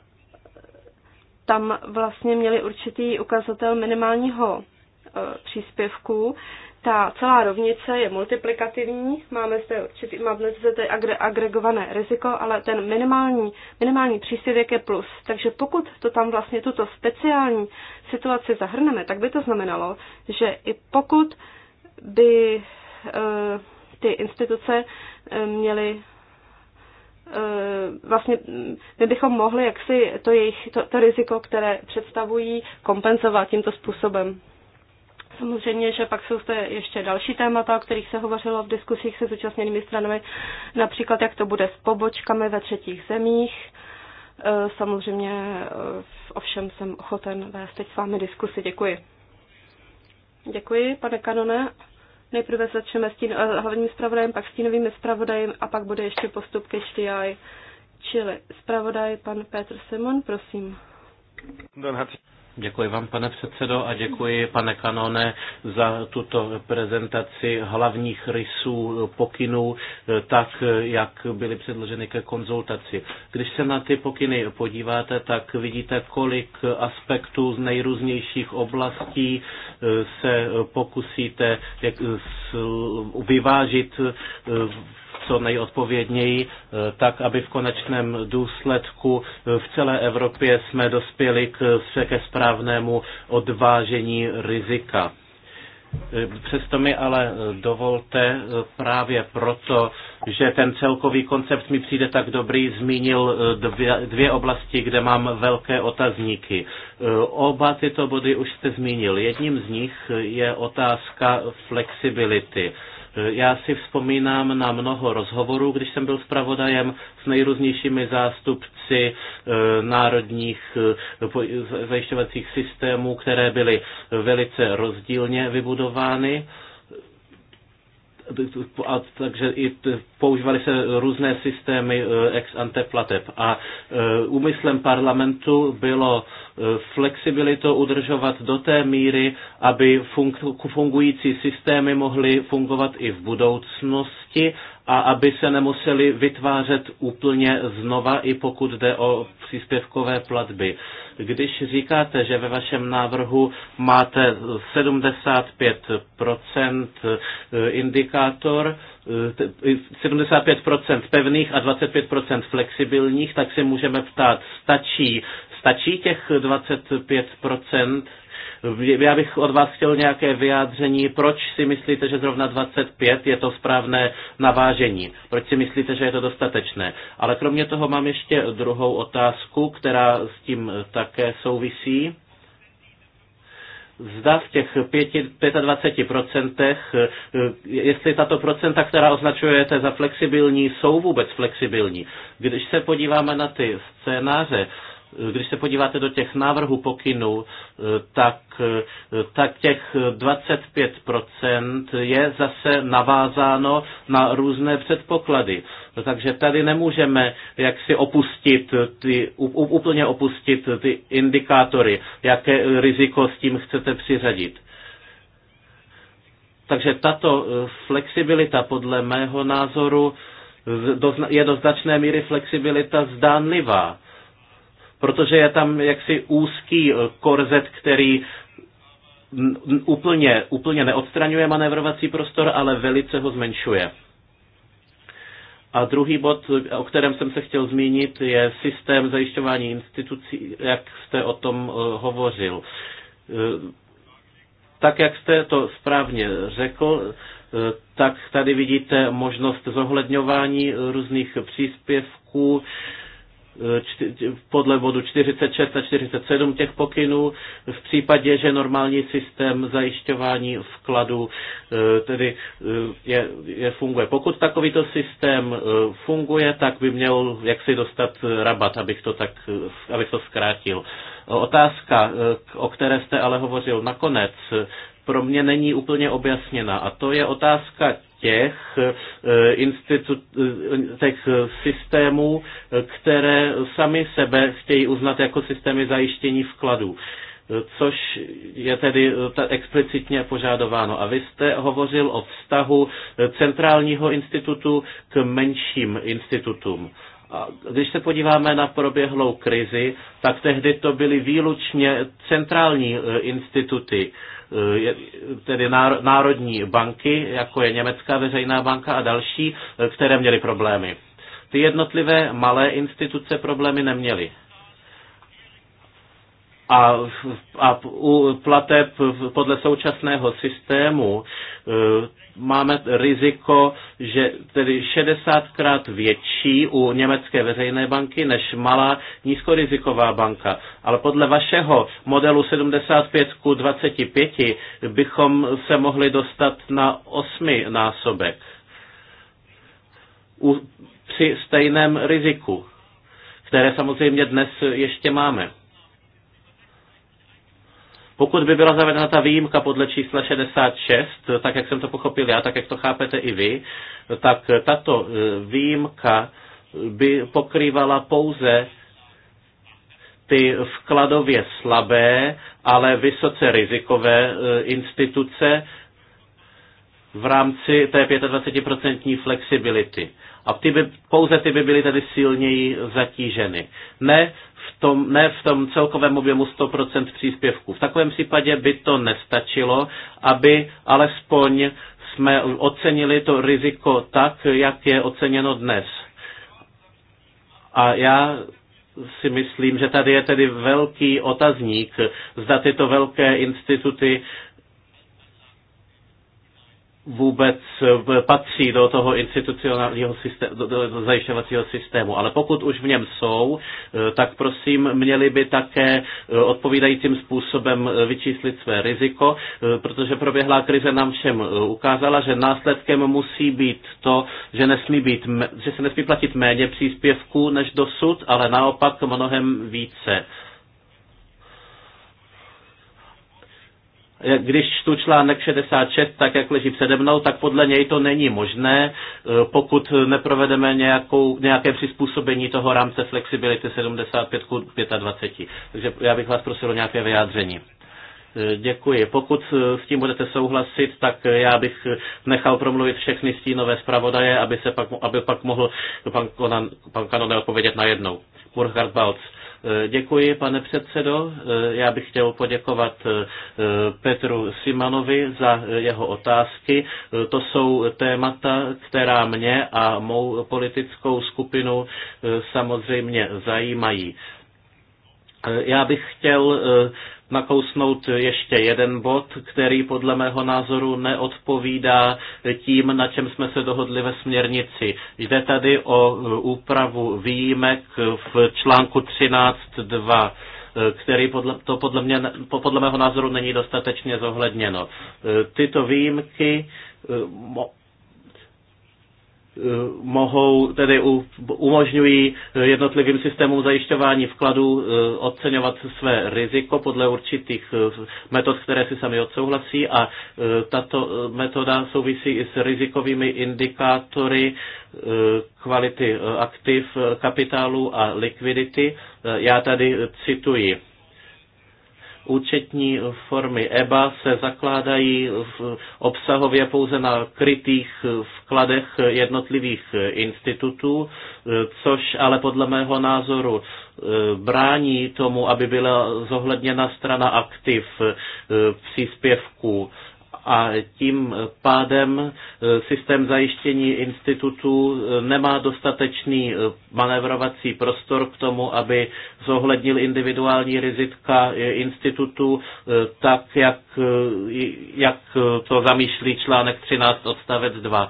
tam vlastně měli určitý ukazatel minimálního e, příspěvku. Ta celá rovnice je multiplikativní, máme zde, určitý, máme zde agre, agregované riziko, ale ten minimální, minimální příspěvek je plus. Takže pokud to tam vlastně tuto speciální situaci zahrneme, tak by to znamenalo, že i pokud by e, ty instituce eh, měly eh, vlastně my bychom mohli jaksi to jejich, to, to riziko, které představují, kompenzovat tímto způsobem. Samozřejmě, že pak jsou zde ještě další témata, o kterých se hovořilo v diskusích se zúčastněnými stranami, například jak to bude s pobočkami ve třetích zemích. Eh, samozřejmě ovšem jsem ochoten vést teď s vámi diskusy. Děkuji. Děkuji, pane Kanone. Nejprve začneme s tím eh, hlavním zpravodajem, pak s tím novým zpravodajem a pak bude ještě postup ke HDI. Čili zpravodaj pan Petr Simon, prosím.
Děkuji vám, pane předsedo, a děkuji, pane Kanone, za tuto prezentaci hlavních rysů pokynů, eh, tak, jak byly předloženy ke konzultaci. Když se na ty pokyny podíváte, tak vidíte, kolik aspektů z nejrůznějších oblastí eh, se pokusíte vyvážit eh, co nejodpovědněji, eh, tak aby v konečném důsledku eh, v celé Evropě jsme dospěli k, eh, ke správnému odvážení rizika. Přesto mi ale dovolte právě proto, že ten celkový koncept mi přijde tak dobrý, zmínil dvě, dvě oblasti, kde mám velké otazníky. Oba tyto body už jste zmínil. Jedním z nich je otázka flexibility. Já si vzpomínám na mnoho rozhovorů, když jsem byl zpravodajem s nejrůznějšími zástupci eh, národních eh, zajišťovacích systémů, které byly velice rozdílně vybudovány a takže i používaly se různé systémy e, ex ante plateb. A e, úmyslem parlamentu bylo e, flexibilitu udržovat do té míry, aby fungující systémy mohly fungovat i v budoucnosti a aby se nemuseli vytvářet úplně znova, i pokud jde o příspěvkové platby. Když říkáte, že ve vašem návrhu máte 75% eh, indikátor, 75% eh, pevných a 25% flexibilních, tak si můžeme ptát, stačí, stačí těch 25% já bych od vás chtěl nějaké vyjádření, proč si myslíte, že zrovna 25 je to správné navážení, proč si myslíte, že je to dostatečné. Ale kromě toho mám ještě druhou otázku, která s tím také souvisí zda v těch 25%, eh, jestli tato procenta, která označujete za flexibilní, jsou vůbec flexibilní. Když se podíváme na ty scénáře, když se podíváte do těch návrhů pokynů, eh, tak, eh, tak těch 25% je zase navázáno na různé předpoklady. Takže tady nemůžeme jaksi opustit, ty, úplně opustit ty indikátory, jaké riziko s tím chcete přiřadit. Takže tato eh, flexibilita podle mého názoru je do značné míry flexibilita zdánlivá protože je tam jaksi úzký eh, korzet, který úplně, úplně neodstraňuje manévrovací prostor, ale velice ho zmenšuje. A druhý bod, o kterém jsem se chtěl zmínit, je systém zajišťování institucí, jak jste o tom eh, hovořil. Eh, tak, jak jste to správně řekl, tak tady vidíte možnost zohledňování různých příspěvků, podle bodu 46 a 47 těch pokynů v případě, že normální systém zajišťování vkladu e, tedy e, je, je funguje. Pokud takovýto systém e, funguje, tak by měl jaksi dostat rabat, abych to, tak, abych to zkrátil. Otázka, o které jste ale hovořil nakonec, pro mě není úplně objasněna. A to je otázka těch, eh, institu- eh, těch systémů, které sami sebe chtějí uznat jako systémy zajištění vkladů což je tedy eh, explicitně požádováno. A vy jste hovořil o vztahu centrálního institutu k menším institutům. A když se podíváme na proběhlou krizi, tak tehdy to byly výlučně centrální instituty, Eh, tedy národní banky, jako je Německá veřejná banka a další, eh, které měly problémy. Ty jednotlivé malé instituce problémy neměly. A, a u plateb podle současného systému e, máme riziko, že tedy 60 krát větší u německé veřejné banky než malá nízkoriziková banka. Ale podle vašeho modelu 75 ku 25 bychom se mohli dostat na 8 násobek u, při stejném riziku, které samozřejmě dnes ještě máme. Pokud by byla zavedena ta výjimka podle čísla 66, tak jak jsem to pochopil já, tak jak to chápete i vy, tak tato e, výjimka by pokrývala pouze ty vkladově slabé, ale vysoce rizikové e, instituce v rámci té 25% flexibility. A ty by, pouze ty by byly tedy silněji zatíženy. Ne v tom, ne v tom celkovém objemu 100% příspěvků. V takovém případě by to nestačilo, aby alespoň jsme ocenili to riziko tak, jak je oceněno dnes. A já si myslím, že tady je tedy velký otazník, zda tyto velké instituty vůbec eh, patří do toho institucionálního systému, do, do, do zajišťovacího systému. Ale pokud už v něm jsou, eh, tak prosím, měli by také eh, odpovídajícím způsobem vyčíslit své riziko, protože proběhlá krize nám všem ukázala, že následkem musí být to, že, nesmí být, že se nesmí platit méně příspěvků než dosud, ale naopak mnohem více. když čtu článek 66 tak, jak leží přede mnou, tak podle něj to není možné, e, pokud neprovedeme nějakou, nějaké přizpůsobení toho rámce flexibility 75 k 25. Takže já bych vás prosil o nějaké vyjádření. E, děkuji. Pokud e, s tím budete souhlasit, tak já bych nechal promluvit všechny stínové zpravodaje, aby, se pak, aby pak mohl pan, Konan, pan Kanone odpovědět najednou. Burkhard Balc. Eh, děkuji, pane předsedo. Eh, já bych chtěl poděkovat eh, Petru Simanovi za jeho otázky. To jsou témata, která mě a mou politickou skupinu samozřejmě zajímají. Já bych chtěl nakousnout ještě jeden bod, který podle mého názoru neodpovídá tím, na čem jsme se dohodli ve směrnici. Jde tady o úpravu výjimek v článku 13.2 který podle, to podle, mě, podle mého názoru není dostatečně zohledněno. Tyto výjimky eh, Eh, mohou, tedy umožňují eh, jednotlivým systémům zajišťování vkladů eh, oceňovat své riziko podle určitých metod, které si sami odsouhlasí a tato metoda souvisí i s rizikovými indikátory kvality aktiv, kapitálu a likvidity. Já tady cituji účetní formy EBA se zakládají v obsahově pouze na krytých vkladech jednotlivých institutů, což ale podle mého názoru e, brání tomu, aby byla zohledněna strana aktiv e, příspěvků a tím pádem e, systém zajištění institutů e, nemá dostatečný e, manévrovací prostor k tomu, aby zohlednil individuální rizika institutů tak, jak, jak to zamýšlí článek 13 odstavec 2.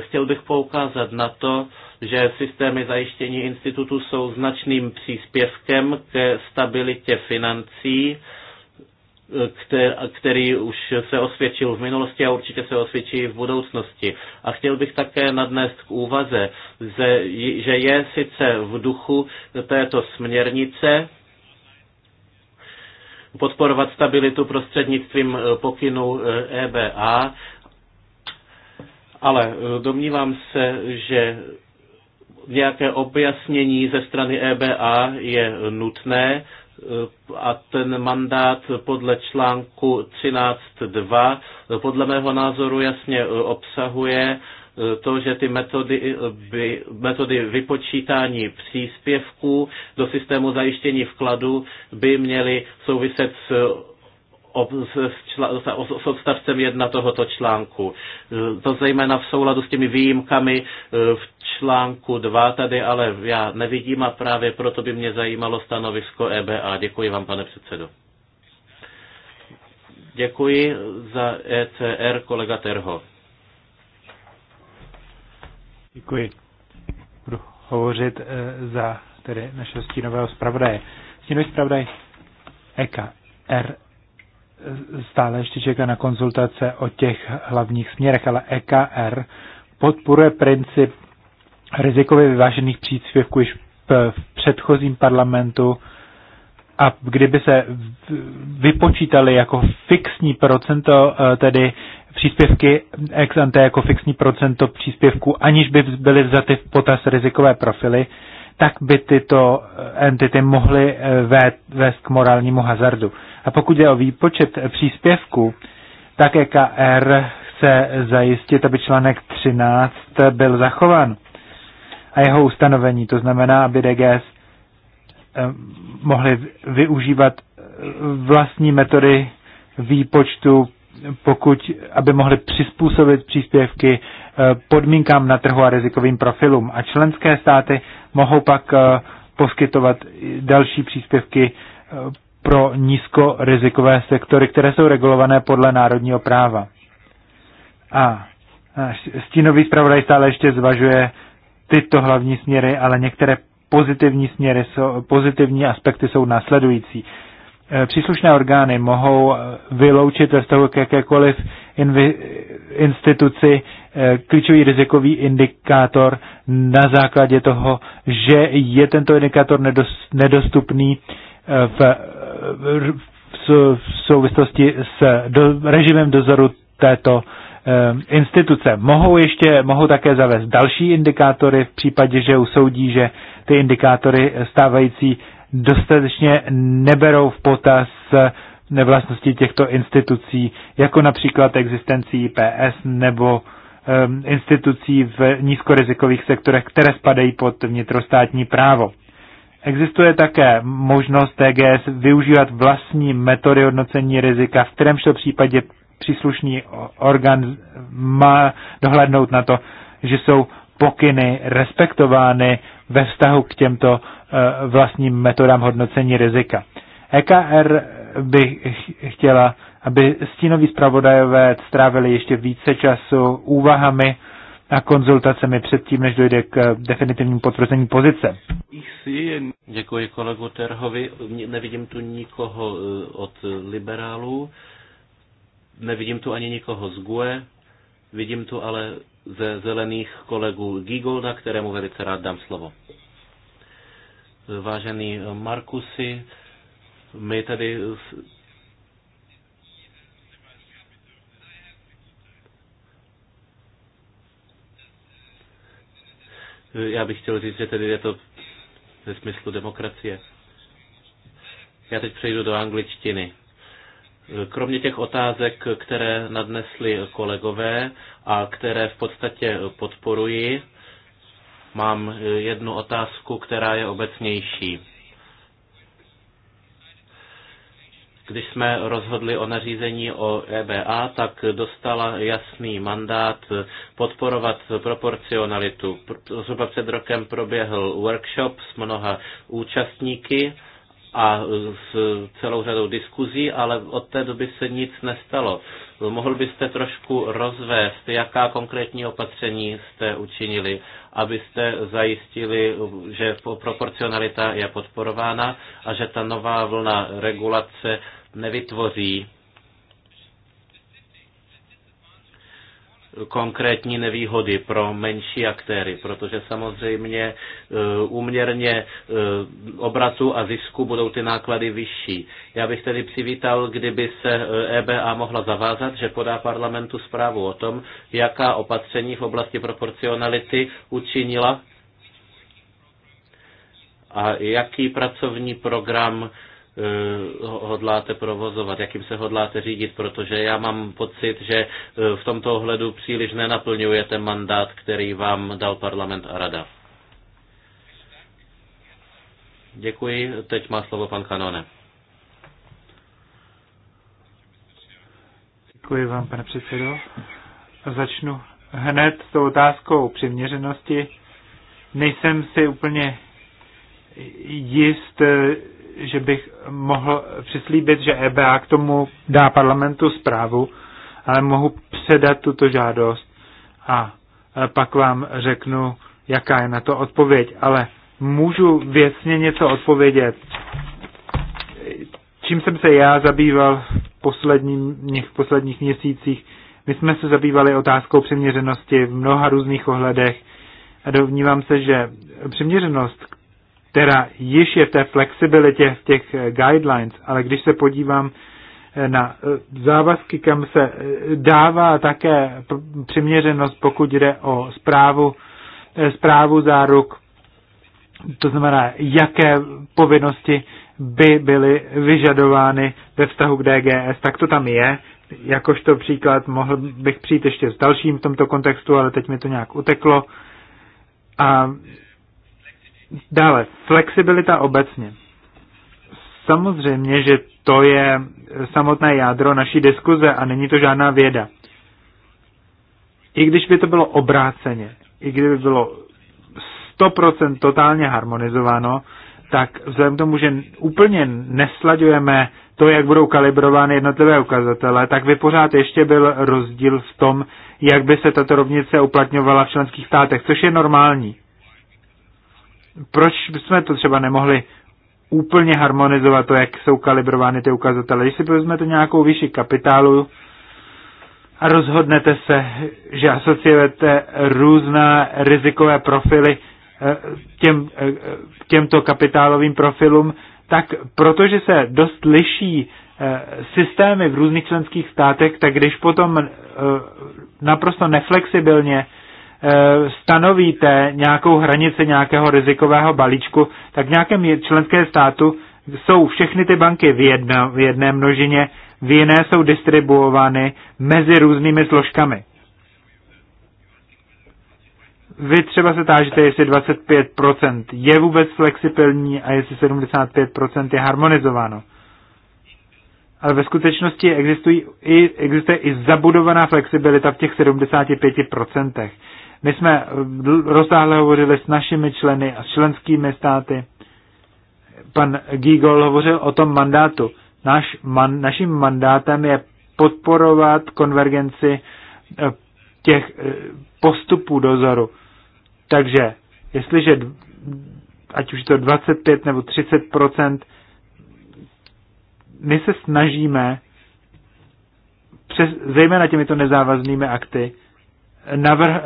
Chtěl bych poukázat na to, že systémy zajištění institutů jsou značným příspěvkem ke stabilitě financí, který už se osvědčil v minulosti a určitě se osvědčí v budoucnosti. A chtěl bych také nadnést k úvaze, že je sice v duchu této směrnice podporovat stabilitu prostřednictvím pokynů EBA, ale domnívám se, že nějaké objasnění ze strany EBA je nutné, Eh, a ten mandát podle článku 13.2 eh, podle mého názoru jasně eh, obsahuje to, že ty metody, by, metody vypočítání příspěvků do systému zajištění vkladu by měly souviset s s odstavcem jedna tohoto článku. To zejména v souladu s těmi výjimkami e, v článku 2 tady, ale já nevidím a právě proto by mě zajímalo stanovisko EBA. Děkuji vám, pane předsedo. Děkuji za ECR kolega Terho.
Děkuji. Budu hovořit e, za tedy našeho stínového zpravodaje. Stínový zpravodaj EKR stále ještě čeká na konzultace o těch hlavních směrech, ale EKR podporuje princip rizikově vyvážených příspěvků již v předchozím parlamentu a kdyby se vypočítali jako fixní procento, eh, tedy příspěvky ex ante jako fixní procento příspěvků, aniž by byly vzaty v potaz rizikové profily, tak by tyto entity mohly eh, vést k morálnímu hazardu. A pokud je o výpočet příspěvku, tak EKR chce zajistit, aby článek 13 byl zachovan a jeho ustanovení, to znamená, aby DGS eh, mohli využívat eh, vlastní metody výpočtu, pokud, aby mohli přizpůsobit příspěvky Eh, podmínkám na trhu a rizikovým profilům. A členské státy mohou pak eh, poskytovat další příspěvky eh, pro nízkorizikové sektory, které jsou regulované podle národního práva. A stínový zpravodaj stále ještě zvažuje tyto hlavní směry, ale některé pozitivní směry, jsou, pozitivní aspekty jsou následující. Příslušné orgány mohou vyloučit ve vztahu k jakékoliv instituci Eh, klíčový rizikový indikátor na základě toho, že je tento indikátor nedostupný eh, v, v, v souvislosti s do, režimem dozoru této eh, instituce. Mohou ještě, mohou také zavést další indikátory v případě, že usoudí, že ty indikátory stávající dostatečně neberou v potaz nevlastnosti těchto institucí, jako například existenci IPS nebo institucí v nízkorizikových sektorech, které spadají pod vnitrostátní právo. Existuje také možnost TGS využívat vlastní metody hodnocení rizika, v kterémž to případě příslušný orgán má dohlednout na to, že jsou pokyny respektovány ve vztahu k těmto e, vlastním metodám hodnocení rizika. EKR by chtěla aby stínoví zpravodajové strávili ještě více času úvahami a konzultacemi předtím, než dojde k eh, definitivnímu potvrzení pozice.
Děkuji kolegu Terhovi. Nevidím tu nikoho eh, od liberálů, nevidím tu ani nikoho z GUE, vidím tu ale ze zelených kolegů Gigolda, kterému velice rád dám slovo. Vážený Markusi, my tady Já bych chtěl říct, že tedy je to ve smyslu demokracie. Já teď přejdu do angličtiny. Kromě těch otázek, které nadnesli kolegové a které v podstatě podporuji, mám jednu otázku, která je obecnější. Když jsme rozhodli o nařízení o EBA, tak dostala jasný mandát podporovat proporcionalitu. Zhruba před rokem proběhl workshop s mnoha účastníky a s celou řadou diskuzí, ale od té doby se nic nestalo. Mohl byste trošku rozvést, jaká konkrétní opatření jste učinili, abyste zajistili, že proporcionalita je podporována a že ta nová vlna regulace nevytvoří konkrétní nevýhody pro menší aktéry, protože samozřejmě e, úměrně e, obratu a zisku budou ty náklady vyšší. Já bych tedy přivítal, kdyby se EBA e mohla zavázat, že podá parlamentu zprávu o tom, jaká opatření v oblasti proporcionality učinila a jaký pracovní program Eh, hodláte provozovat, jakým se hodláte řídit, protože já mám pocit, že eh, v tomto ohledu příliš nenaplňujete mandát, který vám dal parlament a rada. Děkuji. Teď má slovo pan Kanone.
Děkuji vám, pane předsedo. Začnu hned s tou otázkou přiměřenosti. Nejsem si úplně jist, že bych mohl přislíbit, že EBA k tomu dá parlamentu zprávu, ale mohu předat tuto žádost a e, pak vám řeknu, jaká je na to odpověď. Ale můžu věcně něco odpovědět. Čím jsem se já zabýval v posledních, v posledních měsících, my jsme se zabývali otázkou přeměřenosti v mnoha různých ohledech a domnívám se, že přeměřenost která již je v té flexibilitě, v těch eh, guidelines, ale když se podívám eh, na eh, závazky, kam se dává také přiměřenost, pokud jde o zprávu, zprávu záruk, to znamená, jaké povinnosti by byly vyžadovány ve vztahu k DGS, tak to tam je. Jakožto příklad mohl bych přijít ještě s dalším v tomto kontextu, ale teď mi to nějak uteklo. A Dále, flexibilita obecně. Samozřejmě, že to je samotné jádro naší diskuze a není to žádná věda. I když by to bylo obráceně, i kdyby bylo 100% totálně harmonizováno, tak vzhledem k tomu, že úplně neslaďujeme to, jak budou kalibrovány jednotlivé ukazatele, tak by pořád ještě byl rozdíl v tom, jak by se tato rovnice uplatňovala v členských státech, což je normální proč bychom to třeba nemohli úplně harmonizovat to, jak jsou kalibrovány ty ukazatele. Když si vezmete nějakou vyšší kapitálu a rozhodnete se, že asociujete různá rizikové profily eh, těm, eh, těmto kapitálovým profilům, tak protože se dost liší eh, systémy v různých členských státech, tak když potom naprosto neflexibilně Eh, stanovíte nějakou hranici nějakého rizikového balíčku, tak v nějakém členském státu jsou všechny ty banky v, jedno, v jedné množině, v jiné jsou distribuovány mezi různými složkami. Vy třeba se tážíte, jestli 25% je vůbec flexibilní a jestli 75% je harmonizováno. Ale ve skutečnosti existují i, existuje i zabudovaná flexibilita v těch 75%. My jsme rozsáhle hovořili s našimi členy a s členskými státy. Pan Gigol hovořil o tom mandátu. Naš, man, naším mandátem je podporovat konvergenci eh, těch eh, postupů dozoru. Takže jestliže ať už je to 25 nebo 30 my se snažíme přes, zejména těmito nezávaznými akty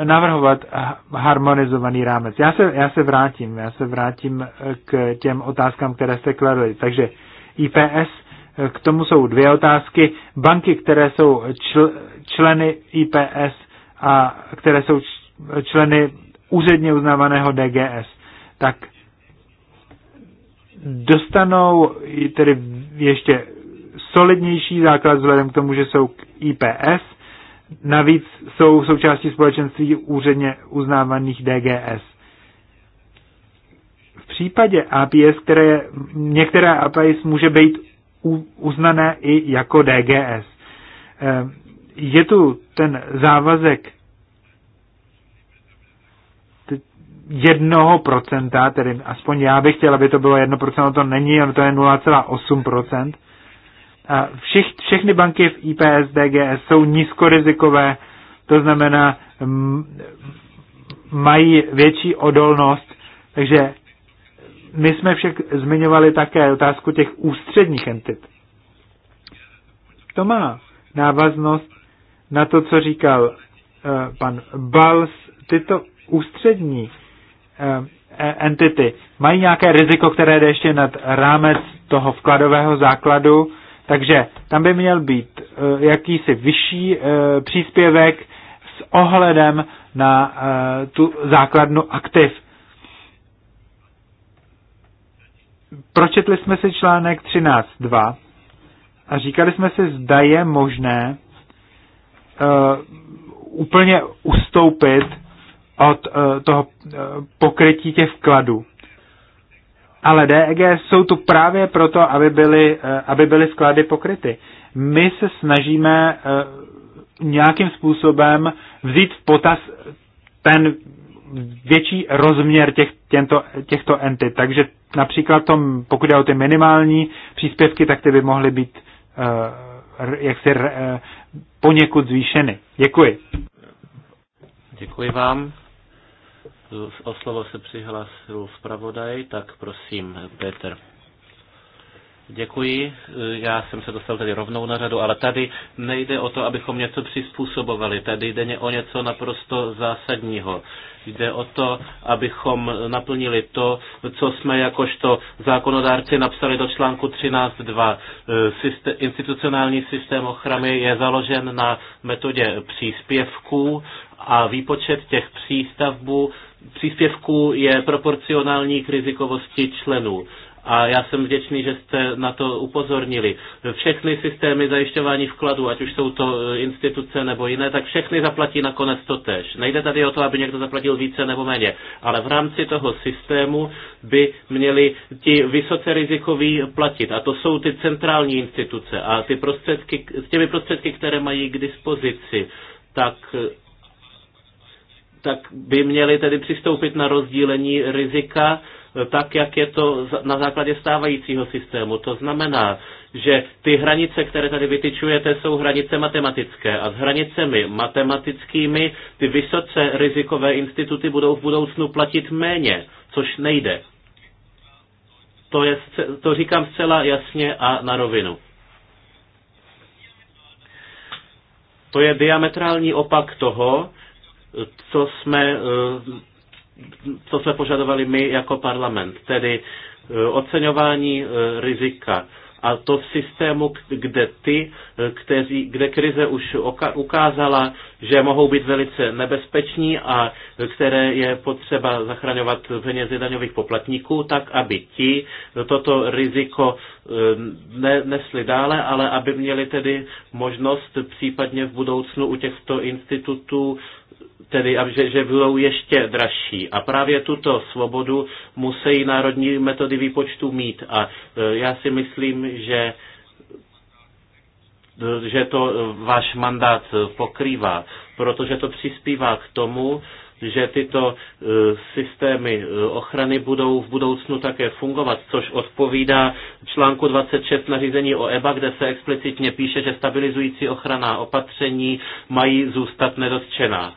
navrhovat harmonizovaný rámec. Já se, já se vrátím, já se vrátím eh, k těm otázkám, které jste kladli. Takže IPS, eh, k tomu jsou dvě otázky. Banky, které jsou čl, členy IPS a které jsou členy úředně uznávaného DGS, tak dostanou tedy ještě solidnější základ vzhledem k tomu, že jsou k IPS – Navíc jsou součástí společenství úředně uznávaných DGS. V případě APS, které některé APS může být uznané i jako DGS. Eh, je tu ten závazek jednoho procenta, tedy aspoň já bych chtěl, aby to bylo jedno procento, to není, ono to je 0,8%, všich, všechny banky v IPS DGS jsou nízkorizikové, to znamená, mají větší odolnost, takže my jsme však zmiňovali také otázku těch ústředních entit. To má návaznost na to, co říkal eh, pan Bals. Tyto ústřední eh, e, entity mají nějaké riziko, které jde ještě nad rámec toho vkladového základu, takže tam by měl být eh, jakýsi vyšší eh, příspěvek s ohledem na eh, tu základnu aktiv. Pročetli jsme si článek 13.2 a říkali jsme si, zda je možné úplně ustoupit od toho pokrytí těch vkladů ale DEG jsou tu právě proto, aby byly, eh, aby byly sklady pokryty. My se snažíme eh, nějakým způsobem vzít v potaz ten větší rozměr těch, těmto, těchto entit. Takže například tom, pokud je o ty minimální příspěvky, tak ty by mohly být eh, jaksi poněkud zvýšeny. Děkuji.
Děkuji vám. O slovo se přihlásil zpravodaj, tak prosím, Petr. Děkuji. Já jsem se dostal tady rovnou na řadu, ale tady nejde o to, abychom něco přizpůsobovali. Tady jde o něco naprosto zásadního. Jde o to, abychom naplnili to, co jsme jakožto zákonodárci napsali do článku 13.2. institucionální systém ochrany je založen na metodě příspěvků a výpočet těch přístavbů příspěvku je proporcionální k rizikovosti členů. A já jsem vděčný, že jste na to upozornili. Všechny systémy zajišťování vkladů, ať už jsou to e, instituce nebo jiné, tak všechny zaplatí nakonec to tež. Nejde tady o to, aby někdo zaplatil více nebo méně, ale v rámci toho systému by měli ti vysoce rizikoví platit. A to jsou ty centrální instituce a ty prostředky, s těmi prostředky, které mají k dispozici, tak e, tak by měli tedy přistoupit na rozdílení rizika e, tak, jak je to na základě stávajícího systému. To znamená, že ty hranice, které tady vytyčujete, jsou hranice matematické a s hranicemi matematickými ty vysoce rizikové instituty budou v budoucnu platit méně, což nejde. To, je, to říkám zcela jasně a na rovinu. To je diametrální opak toho, co jsme, eh, co jsme požadovali my jako parlament, tedy eh, oceňování eh, rizika. A to v systému, kde ty, kteří, kde krize už ukázala, že mohou být velice nebezpeční a které je potřeba zachraňovat penězi daňových poplatníků, tak aby ti toto riziko ne, nesli dále, ale aby měli tedy možnost případně v budoucnu u těchto institutů tedy že, že budou ještě dražší. A právě tuto svobodu musí národní metody výpočtu mít. A e, já si myslím, že e, že to e, váš mandát pokrývá, protože to přispívá k tomu, že tyto systémy ochrany budou v budoucnu také fungovat, což odpovídá článku 26 nařízení o EBA, kde se explicitně píše, že stabilizující ochranná opatření mají zůstat nedotčená.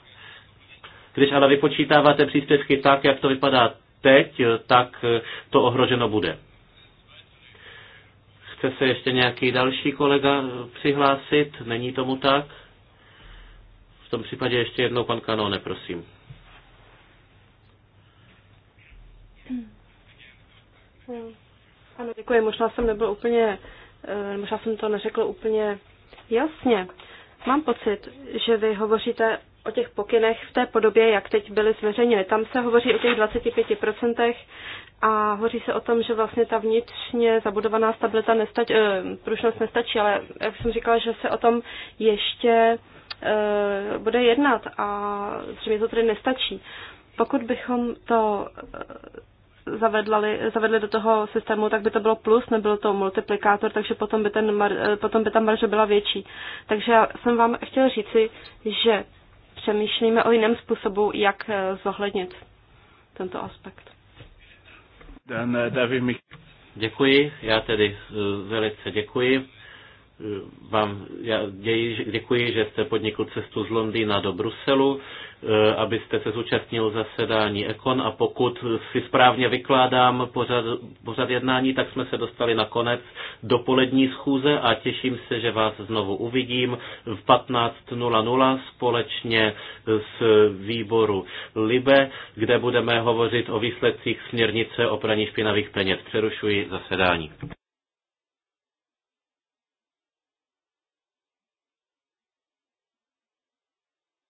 Když ale vypočítáváte příspěvky tak, jak to vypadá teď, tak to ohroženo bude. Chce se ještě nějaký další kolega přihlásit? Není tomu tak? V tom případě ještě jednou pan Kanone, prosím.
Ano, děkuji. Možná jsem nebyl úplně, eh, možná jsem to neřekl úplně jasně. Mám pocit, že vy hovoříte o těch pokynech v té podobě, jak teď byly zveřejněny. Tam se hovoří o těch 25% a hovoří se o tom, že vlastně ta vnitřně zabudovaná stabilita nestač, e, eh, prušnost nestačí, ale jak jsem říkala, že se o tom ještě e, bude jednat a zřejmě to tedy nestačí. Pokud bychom to eh, zavedli, zavedli do toho systému, tak by to bylo plus, nebylo to multiplikátor, takže potom by, ten mar, potom by ta marže byla větší. Takže já jsem vám chtěl říci, že přemýšlíme o jiném způsobu, jak eh, zohlednit tento aspekt.
Eh,
děkuji, já tedy eh, velice děkuji vám já ději, děkuji, že jste podnikl cestu z Londýna do Bruselu, eh, abyste se zúčastnil zasedání Ekon a pokud si správně vykládám pořad, pořad jednání, tak jsme se dostali na konec dopolední schůze a těším se, že vás znovu uvidím v 15.00 společně s výboru Libe, kde budeme hovořit o výsledcích směrnice o praní špinavých peněz. Přerušuji zasedání.